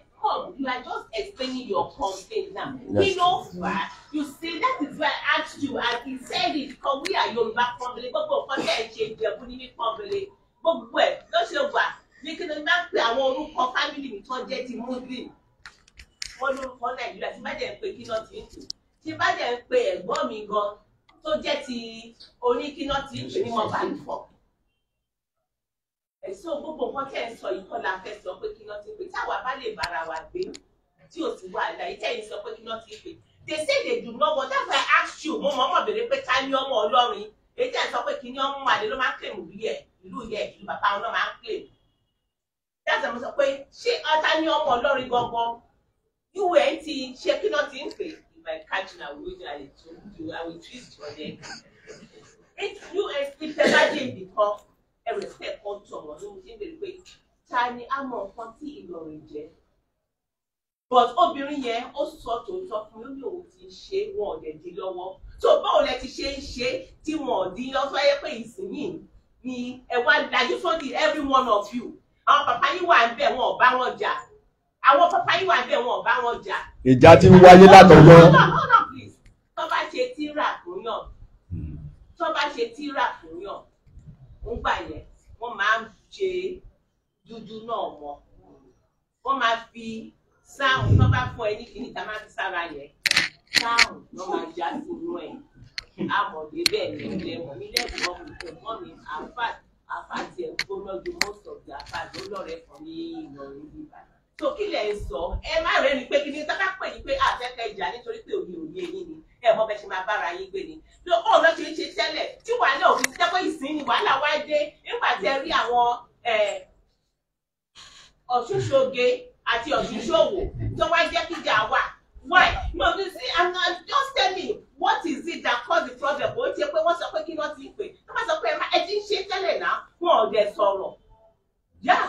you are just explaining your complaint now. Yes. You know, far uh, you see, that is why I asked you, as he said it, Come, we are Yorùbá family, gbogbo nǹkan tẹ̀ ń ṣe Ìjẹ̀bú ní mi family, gbogbo ẹ̀ ló ṣe wà ní kí ni bá pe àwọn orúkọ family mi tó jẹ́ ti muslim wọ́n lórúkọ Nàìjíríà tí bá jẹ́ ń pe kíná ti ń tù tí bá jẹ́ ń pe ẹ̀gbọ́n mi gan tó jẹ́ ti oníkíná ti ń tù ní wọn bá ẹ̀sùn gbogbo nǹkan tẹ́ ẹ̀ sọ yìí kọ́ la fẹ́ sọ pé kí ló ti pè táwa bá lè bára wa gbé tí ò sí wàhálà yìí tẹ́ ẹ̀ sọ pé kí ló ti pè they say they do not want that's why I ask you mo mọ̀ mọ̀ béèrè pé ká ní ọmọ ọlọ́rin èyí tẹ́ ẹ̀ sọ pé kí ní ọmọ àlè ló máa ń claim ìlú yẹ ìlú yẹ ìlú bàbá wọn máa ń claim that's why mo sọ pé ṣé ọ̀tá ní ọmọ ọlọ́rin gangan ìwé ẹ̀ ti ṣe kí ló ti ń pè if I catch na we will I will twist your neck if you expect better day before ẹrù ẹ̀fẹ́ kan tọ̀wọ̀ ní mo ṣe ń bèrè pé ta ni a mọ nǹkan tí Ìlọrin jẹ́ but obìnrin yẹn ó sọ tòótọ́ fún mi ó ní òun ti ṣe wọn ò dẹ̀ di lọ́wọ́ tó báwo lẹ ti ṣe ń ṣe tí wọn ò di lọ́wọ́ fẹ́ yẹ pé ìsinyìí ni ẹ wá dájú sódì every one of you àwọn bàbá yìí wà ń bẹ̀ wọn ò bá wọn jà àwọn bàbá yìí wà ń bẹ̀ wọn ò bá wọn jà. ìjà ti ń wáyé látọjọ́. tó bá ṣe tíra fún yàn hmm. tó ṣe tíra fún yàn nígbà yẹn wọ́n máa ń ṣe dúdú náà mọ́ wọ́n máa fi sáàmù tó bá fún ẹ ní kìíní tá a máa fi sára yẹn sáàmù ló máa já sínú ẹ̀ amọ̀dé bẹ́ẹ̀ ni ilẹ̀ mọ̀ mí lẹ́gbọ̀n mi ẹ̀gbọ́n mi àfàtì ẹ̀gbọ́n lọ́dún mọ́tò ọ̀gá àfàtì ó lọ́rẹ̀ẹ́ kan ní ìlọrin bíbá tó kí lẹ̀ ń sọ ẹ má rẹ́ ni pé kí ni tábà pè ní pé àtẹ́kẹ́ ìjà nítorí pé òye òye yín ni ẹ mọ bẹ ṣe máa bára yín gbé ni ló kọ́ ọ̀nà ṣe ń ṣe tẹ́lẹ̀ tí wàhálà òfin ti dẹ́kọ́ ìsín ni wàhálà wá dé nígbà tẹ rí àwọn ọ̀ṣunṣoge àti ọ̀ṣunṣòwò tó wá jẹ́ kíjà wà why no you see i'm not just telling you. what is it that cause the problem bó ṣe pé wọ́n sọ pé kí wọ́n ti pè wọ́n sọ pé ẹ ti ń ṣe tẹ́lẹ̀ náà wọn ò yeah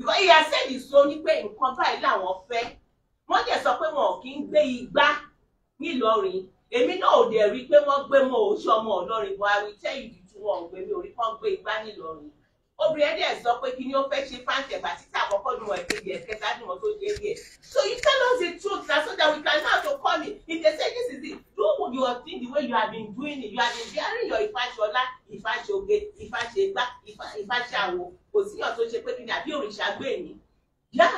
because ìyàsẹ́ yìí sọ ní pé nǹkan báyìí làwọn fẹ́ wọ́n dẹ̀ sọ pé wọn ò kí ń gbé igbá nílọrin èmi náà ò dẹ̀ rí i pé wọ́n gbé mọ́ òṣù ọmọ ọ̀lọ́rin but I will tell you the truth wọn ò gbé mi ò rí kán gbé igbá nílọrin obìnrin ẹ̀dẹ̀ sọ pé kí ni ó fẹ́ ṣe fáǹtì ẹ̀gbà títí àkọ́kọ́ dùn wọ́n kejì ẹ̀kẹta dùn wọ́n tó ṣe díẹ̀ so you tell us the truth na so that we can know how to call me. if they say this is it do your thing the way you have been doing it you have been bearing your ìfàṣọlá ìfàṣọge ìfàṣẹgbá ìfàṣàwò kò síyàn tó ṣe pé kí ni àbí òrìṣà gbé ni yá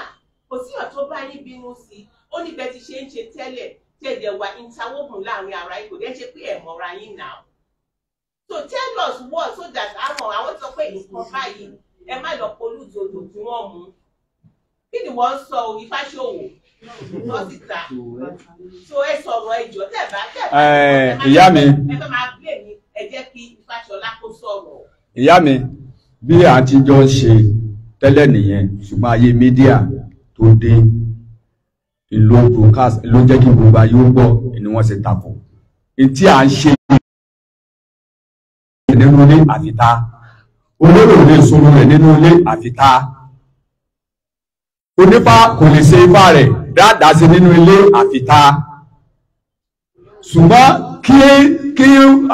kò síyàn tó bá yín bínú sí i ó ní bẹ́ẹ̀ ti ṣe ń ṣe tẹ́lẹ̀ tẹ̀dẹ̀ wà interwoven láàrin ara yìí kò dẹ́ ṣe pé ẹ̀ mọ́ra yín náà so tell us what so that àwọn àwọn sọ pé nǹkan báyìí ẹ má lọ polú tòdò tí wọ́n mú kí ni wọ́n sọ ìfáṣòwò lọ síta so ẹ sọ̀rọ̀ ẹjọ́ tẹ̀bá tẹ̀bá ìyá mi ẹ fẹ́ máa bílẹ̀ mi ẹ jẹ́ kí Ifáṣọlá kó sọ̀rọ̀. ìyá mi bí a ti jọ ń ṣe tẹ́lẹ̀ nìyẹn ṣùgbọ́n ayé mídíà tó dé ló broadcast ló jẹ́ kí gbogbo ayé ó gbọ́ ni wọ́n ṣe takò tí à ń ṣe nínú ilé àfitá olóró ò lè sọnù rẹ̀ nínú ilé àfitá onífá kò lè ṣe ifá rẹ̀ dáadáa sí nínú ilé àfitá ṣùgbọ́n kí kí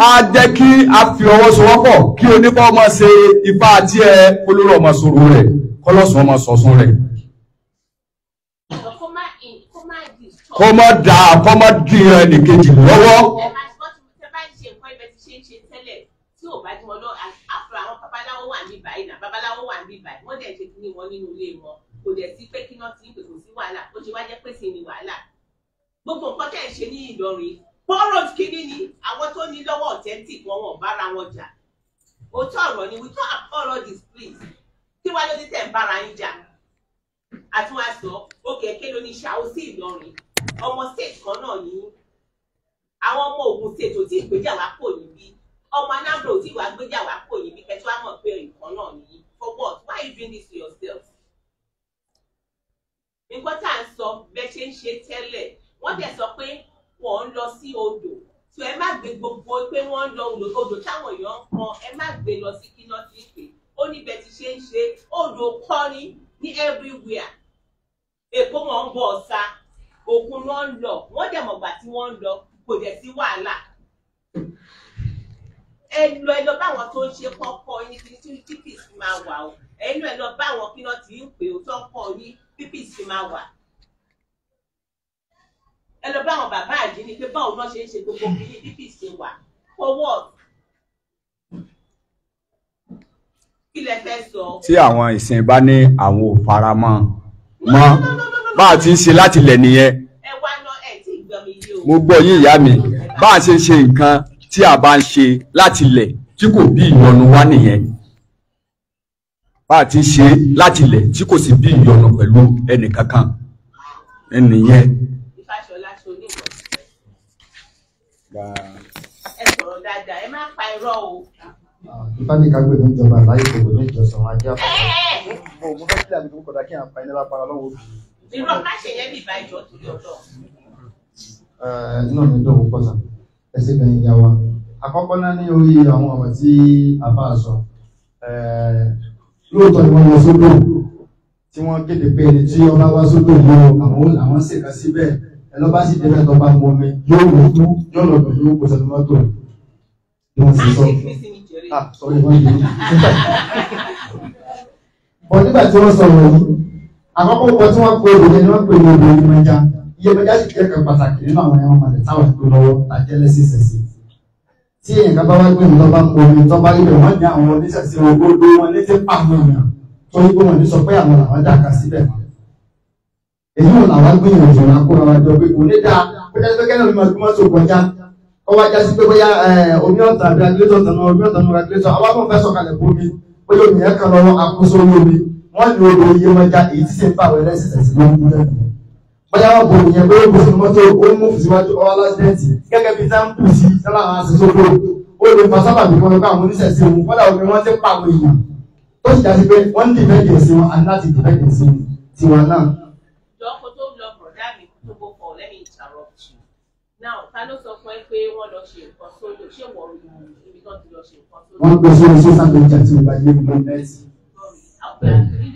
a jẹ́ kí a fi ọwọ́ sowọ́pọ̀ kí onífá ọmọ ṣe ifá tí ẹ olóró ọmọ sòrò rẹ̀ kọlọ́sùn ọmọ sọ̀sùn rẹ̀. kọ́mọ́ dà kọ́mọ́ dìran nìkejì lọ́wọ́. níbí báyìí náà babaláwo wà níbí báyìí wọ́n dẹ̀ ṣe kíní wọn nínú ilé wọn kò dẹ̀ sí pé kíná ti ń pè kò sí wàhálà ó ṣe wá jẹ́ pé sí ni wàhálà gbogbo nǹkan tẹ̀ ń ṣe ní Ìlọrin borrowed kíní ni àwọn tó ní lọ́wọ́ authentic wọn wọn bára wọn jà òótọ́ ọ̀rọ̀ ni we talk all of this please kí wá ló dé tẹ̀ ń bára yín jà àtúnwàsọ òkè ké ló ní ṣàó sí Ìlọrin ọmọ state kan náà ní àwọn ọmọ Ògùn state ò tí ì ọmọ anábìrò tí wàá gbéjà wàá kò yìí bíkẹ́ tí wàá mọ̀ pé nǹkan náà nìyí for what why you doing this to yourself. nǹkan tá à ń sọ bẹ́ ṣe ń ṣe tẹ́lẹ̀ wọ́n dẹ̀ sọ pé wọ́n ń lọ sí odò tó ẹ má gbé gbogbo pé wọ́n ń lọ odò táwọn èèyàn ń pọn ẹ má gbé lọ sí kíná tí ń pè ó níbẹ̀ ti ṣe ń ṣe odò kọ́ni ní everywhere èkó wọn ń bọ ọ̀sà òkun wọn ń lọ wọ́n dẹ̀ mọ̀gbà tí wọ́n ń lọ kò dẹ̀ sí wàhálà ẹ lọ ẹ lọ báwọn tó ń ṣe kọkọ yín kí tí pípìs máa wà o ẹ ẹ lọ báwọn kí náà ti ń pè ó tọkọ yín pípìs máa wà ẹ lọ báwọn bàbá àjí ni pé báwo náà ṣe ń ṣe gbogbo kí ní pípìs wà fọwọ́ tí àwọn ìsìn bá ní àwọn ò fara mọ́ mọ́ bá a ti ń ṣe láti lẹ̀ nìyẹn. mo gbọ́ yín ìyá mi bá a ṣe ń ṣe nǹkan tí a bá ń ṣe láti ilẹ̀ tí kò bí ìyọnu wá nìyẹn bá a ti ṣe láti ilẹ̀ tí kò sì bí ìyọnu pẹ̀lú ẹnì kankan ẹnìyẹn. ẹ sọ̀rọ̀ dáadáa ẹ má pa irọ́ o. Ìfáníkàgbè ní ìjọba àlàyé ìgbòho ní ìjọsìn àwọn ajé Mo fẹ́ kílẹ̀ àbí kókò dá kí n àpá iná bá para lọ́wọ́ òbí. Irọ́ má yẹ́ bí ìbá ìjọ tó yọ̀ lọ. Inú mi dùn púpọ̀ náà ẹsẹ̀ gbẹ̀yìn yà wá àkọ́kọ́ náà ní orí àwọn ọ̀rọ̀ tí a bá sọ lóòótọ́ ni wọ́n lọ sódò tí wọ́n kéde pé ẹni tí ọba wá sódò yóò àwọn àwọn ṣèkà síbẹ̀ ẹ lọ́ba sì débẹ̀ tó bá mọ mi yóò wò ó yóò lọ bẹ̀ yóò kó sẹ́nu mọ́tò bí wọ́n ti sọ. Ah, bọ̀ nígbà tí wọ́n sọ̀rọ̀ yìí àkọ́kọ́ wọn tí wọ́n pe obìnrin ni wọ́n pe obìnrin mọ́jà iyemẹja sì kẹ́kọ̀ọ́ pàtàkì nínú àwọn ẹran mọlẹ táwọn ìpín lọ́wọ́ àjẹlẹsẹsẹsẹ tí èèyàn kan bá wá gbé mi lọ́ba ń pomi tó bá yíyọ wọ́n ní àwọn oníṣẹ̀ṣẹ̀ wọn gbogbo wọn létí pàmò yàn tó yí pé wọn ní sọ pé àwọn làwọn dàka síbẹ̀ mọ́. èyí wọn làwọn gbìyànjú náà kó ara jọ pé kò ní dáa kó dájú pé kẹ́lẹ́ mi máa gbé mọ́tò kọjá kó wá já sí pé bóyá omi ọ̀tà àbí agilétọ̀ tọ̀nà omi ọ̀tà nù agilétọ̀ àwọn àwọn fẹ́ sọ̀kalẹ̀ pomi bóyá omi yẹn kan lọ́wọ́ àkóso omi wọ́n ní odò iye mọ́já èyí tí ṣe ń fà wẹ́lẹ́ bóyá wọn bò yẹn bóyá gbèsè mọ́tò ó fìsíwájú ọwọ́ alásìdẹ́ǹtì gẹ́gẹ́ bí sáǹpù sí sábà àwọn aṣèṣogbo ó lè fa sábà bí wọn kọ àwọn oníṣẹ̀ṣe wọn kọ́dà omi wọn ti pa àwọn èèyàn tó sì dájú pé wọ́n ń dìbẹ́ẹ̀dì ẹ̀sìn wọn àti láti dìbẹ́ẹ̀dì ẹ̀sìn tiwọn náà. wọ́n gbé sórí sósà tó ń tí mo bá yé mi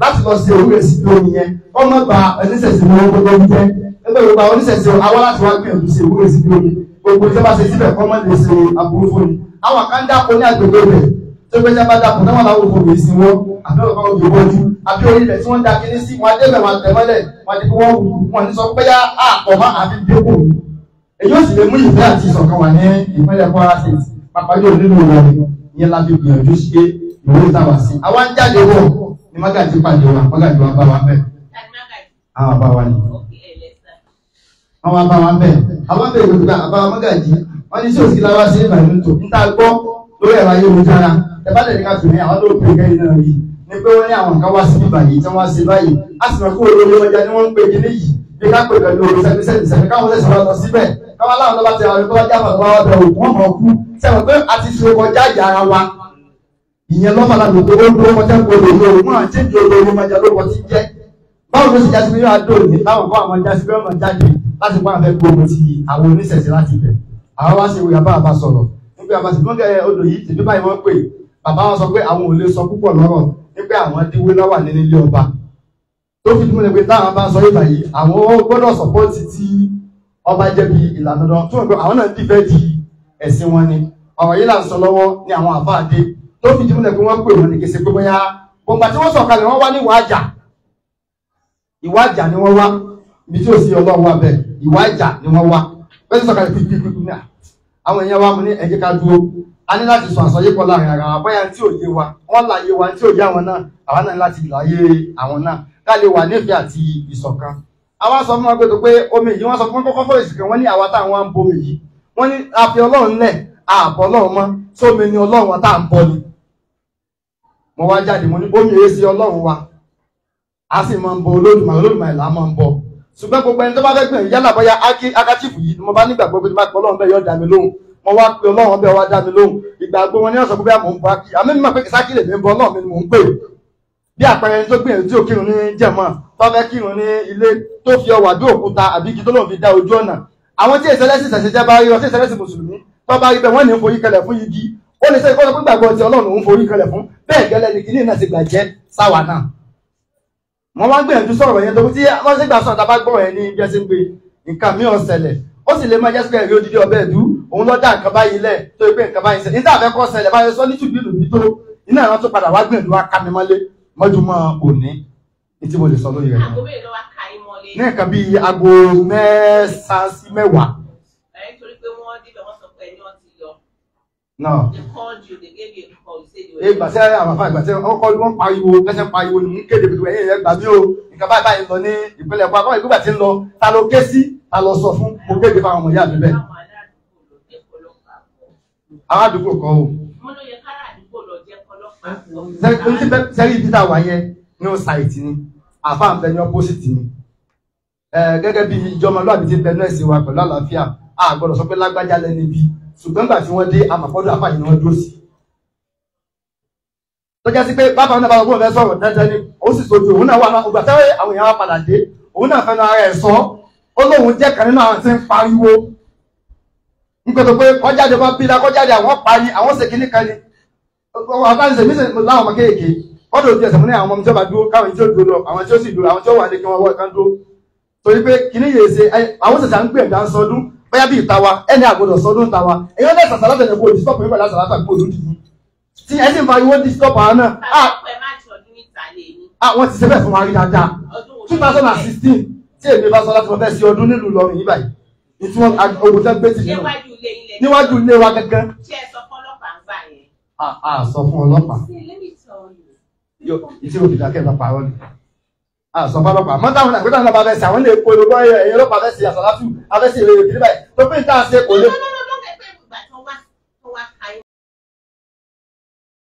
láti lọ sí òwúrẹ̀ sí tó nìyẹn wọ́n mọ̀ gba oníṣẹ̀ṣe wọn gbogbo ń jẹ́ ẹgbẹ́ gbogbo àwọn oníṣẹ̀ṣe awọ́ láti wá gbìyànjú sí òwúrẹ̀ sí tó nìyẹn gbogbo ìjọba ṣe síbẹ̀ kọ́ mọ́ lè ṣe àbúrú fún mi àwọn kan dáko ní agbègbè rẹ̀ tó gbé jábá dáko náà wọn làwọn òfò mi sí wọn àbí ọ̀kan òbí wọjú àbí orí rẹ̀ tí wọ́n da kíní sí wọn adébẹ̀ wọn àtẹ̀mọ́lẹ̀ wọn àti wọn wù wọn ní sọ pé yá àpọ̀ má àfi dépò èyí ó sì lè mú ìfẹ́ àti ìṣọ̀kan wà ní ìpínlẹ̀ Kwara State pàpàjọ́ nínú ìwọ̀n ìyẹn la fi gbìyànjú ṣe ìwé ìtawà sí àwa ń jáde wọ̀ ni mágàjì pàdé wa mágàjì wa bá wa bẹ àwọn bá wa ni àwọn bá wa bẹ àwọn bẹ ìwòsàn àbá mágàjì wọn ní sí òsì láwa sí ìbàdàn tó ń ta gbọ́ lórí ẹ̀rọ ayélujára ẹ bá lẹ́yìn ká tún ní àwọn lóòpù kẹ́yìn náà yìí ni pé wọ́n ní àwọn nǹkan wá sí ìbàdàn yìí tí wọ́n ṣe báyìí á sì mọ̀ kó olórí ọjà ni wọ́n ń pè é níyì bí ká pè pẹ̀lú òru sẹ́mi sẹ́mi káwọn lẹ́sìn wa lọ síbẹ̀ káwọn láwọn lọ́ba ti àwọn ẹ̀rọ tó bá jáfà tó bá wà bẹ̀ òkú ọmọ ọkú sẹ́wọ̀n pé àti ṣe kọjá ìyára wa ìyẹn lọ́fà láti pé ó dúró kọjá gbòòrò ní òun máa tí ìjọ olórí máa jẹ lóko tí báwo ló sì jásí pé yóò dòrò ní táwọn fún àwọn jásí pé ọmọ jáde láti fún àfẹ gbòòrò ti àwọn oníṣẹ̀ṣẹ̀ láti bẹ̀ àwọn wá sí ìwé bàbá àbá sọ̀rọ̀ nígbà àbá sì fún odò yìí tìbí báyìí wọ́n pè bàbá wọn sọ pé àwọn ò lè sọ púpọ̀ lọ́rọ̀ nígbà àwọn díwé lọ́wà nínú ilé ọba tó fi dúró pé táwọn bá sọ ìgbà yìí àwọn gbọ́dọ̀ sọ̀pọ́ọ̀tì tí ọba jẹ́ bí ìlànà tó ń gbọ́ àwọn náà dìbẹ́ di ẹ̀sìn wọn ni ọ̀rọ̀ yìí là ń sọ lọ́wọ́ ní àwọn àfáàdé tó fìdí múlẹ̀ pé wọ́n pè wọ́n ní kèsè pé bóyá bọ̀m̀bà tí wọ́n sọ̀kalẹ̀ wọ́n wá ní ìwà àjà ni wọ́n wá ibi tí ò sí ọlọ́run wa bẹ̀ ìwà ni wọ́n wá bẹ́ẹ̀ tí sọ̀kalẹ̀ pípípípí náà àwọn èèyàn wa mú ní ẹ̀jẹ̀ ká dúró a ní láti sọ àsọyépọ̀ láàrin ara wa bóyá tí ò yé wa wọ́n láyé wa tí ò yé àwọn náà àwa náà láti láyé àwọn náà ká lè wà nífẹ̀ẹ́ àti ìṣọ̀kan àwa sọ fún wọn pé pé omi yìí wọ́n sọ fún kọ́kọ́ fọ́ọ̀sì kan wọ́n ní àwa táwọn ń bomi yìí wọ́n ní àfi ọlọ́run lẹ̀ àbọ̀ ọlọ́run mọ́ sómi ni ọlọ́run wa tá à ń bọ ni mo wá jáde mo ní omi èyí sí ọlọ́run wa a sì máa ń bọ olódùmarè olódùmarè là á máa ń bọ ṣùgbọ́n gbogbo ẹni tó bá fẹ́ gbìyànjú yálà bóyá akátìfù yìí mo bá nígbàgbọ́ pé tí máa pọ̀ ọlọ́run bẹ́ẹ̀ yọ̀ dá mi lóhùn mo wá pe ọlọ́run bẹ́ẹ̀ wá dá mi lóhùn ìgbàgbọ́ wọn ní ọ̀sán bóyá mò ń bọ akí àmì mímọ̀ pé sákì lè mi bọ ọlọ́run mi mò ń pè bí àpẹẹrẹ tó gbìyànjú tí ò ní jẹ̀mọ́ tó kírun ní ilé tó fi ọwà bí òkúta àbí igi tó lòun fi dá ojú ọ̀nà àwọn tí ìṣẹ̀lẹ̀ ṣẹ̀ṣẹ̀ jẹ́ bá rí ọ tí mùsùlùmí tó bá rí bẹ́ẹ̀ wọ́n ní foyí kẹlẹ̀ fún igi ó lè ṣe ìkọ́ni pé gbàgbọ́ ti ọlọ́run òun forí kalẹ̀ fún bẹ́ẹ̀ gẹ́lẹ́ ni kìnìún náà ti gbàjẹ́ sáwà náà wọ́n wá gbìyànjú sọ̀rọ̀ yẹn tó tí wọ́n sì gbà sọ̀rọ̀ tábà gbọ́rọ̀ yẹn ní bí ẹ ti ń gbé nǹkan mi ò ṣẹlẹ̀ ó sì lè máa jẹ́ sípẹ́ rí odidi ọbẹ̀ dú òun lọ dá nǹkan báyìí lẹ̀ tó pé nǹkan báyìí ṣẹlẹ̀ níta àfẹ́kọ́ ṣẹlẹ̀ báyìí sọ ní tùbílù ní tó iná àwọn tó padà wá gbìyànjú wá ká mi mọ́lé mọ́júmọ́ òní tí mo lè sọ lórí rẹ̀ ní nǹkan bíi aago mẹ́sàn-án sí mẹ́wàá náà. ìgbà tí àwọn àfáà ìgbà tí ọkọ ni wọn pariwo lẹsẹ pariwo ni mú kéde pẹ̀lú ẹyẹ gbà mí o nǹkan báyìí báyìí lọ ní ìpínlẹ̀ kwara wọn ìgbà tí ń lọ ta ló ké sí ta ló sọ fún mo kéde fáwọn ọmọ ìyá mi bẹ́ẹ̀. àwọn àdúgbò kọ o. sẹ́rí ibi tá a wà yẹn ní o ṣàìtì ni àfáà ń bẹ ní ọ́pọ́sìtì ni gẹ́gẹ́ bí ìjọmọlúwàbí ti bẹ nọ́ọ̀sì wa pẹ̀lú àlàáfíà a sọ pé lágbájá lẹ́ni bíi ṣùgbọ́n nígbà tí wọ́n dé amọ̀pọ̀dọ̀ apáyé ni wọ́n dúró sí. tọ́jà sí pé bàbá náà bá wọ́n fẹ́ sọ̀rọ̀ dandan ni ó sì sojú òun náà wà náà ògbà táwọn àwọn èèyàn wa padà dé òun náà fẹ́nu ara ẹ̀ sọ ó lóun jẹ́ kan nínú àwọn tí ń pariwo nígbàtọ̀ pé kọjáde bá bíra kọjáde àwọn parí àwọn ṣèkínní kan ni láwọn ọmọ kéèké kọ́dọ̀ bóyá bí ìta wa ẹni àgbọ̀dọ̀ sọdún ìta wa èyí ọ̀dẹ̀ sàṣà látẹ̀lẹ̀ kó disturb yóò bẹ̀rẹ̀ sàṣà kó lójú yìí tí ẹ sì ń fa iwọ disturb àwọn náà. Ah! a ah, wọ́n ti ṣe bẹ́ẹ̀ fún wa rí dáadáa two thousand and sixteen tí èmi bá sọ láti wọ́n fẹ́ ṣe ọdún nílùú lọ́rùn yìí báyìí ní tí wọ́n ogun tẹ́ gbé sí i níwájú ilé wa gángan. Ah, a sọ fún ọlọ́pàá ìṣe òkìdá kẹ́ àsọpọlọpàá ah, mọta àwọn àgbẹtàn lọba fẹsẹ àwọn lè polówó ẹyẹ ọlọ́pàá fẹsẹ àsọlátù afẹsẹ ìrẹ̀lẹ̀ kiri báyìí tó pé ní tá a ṣe kò lè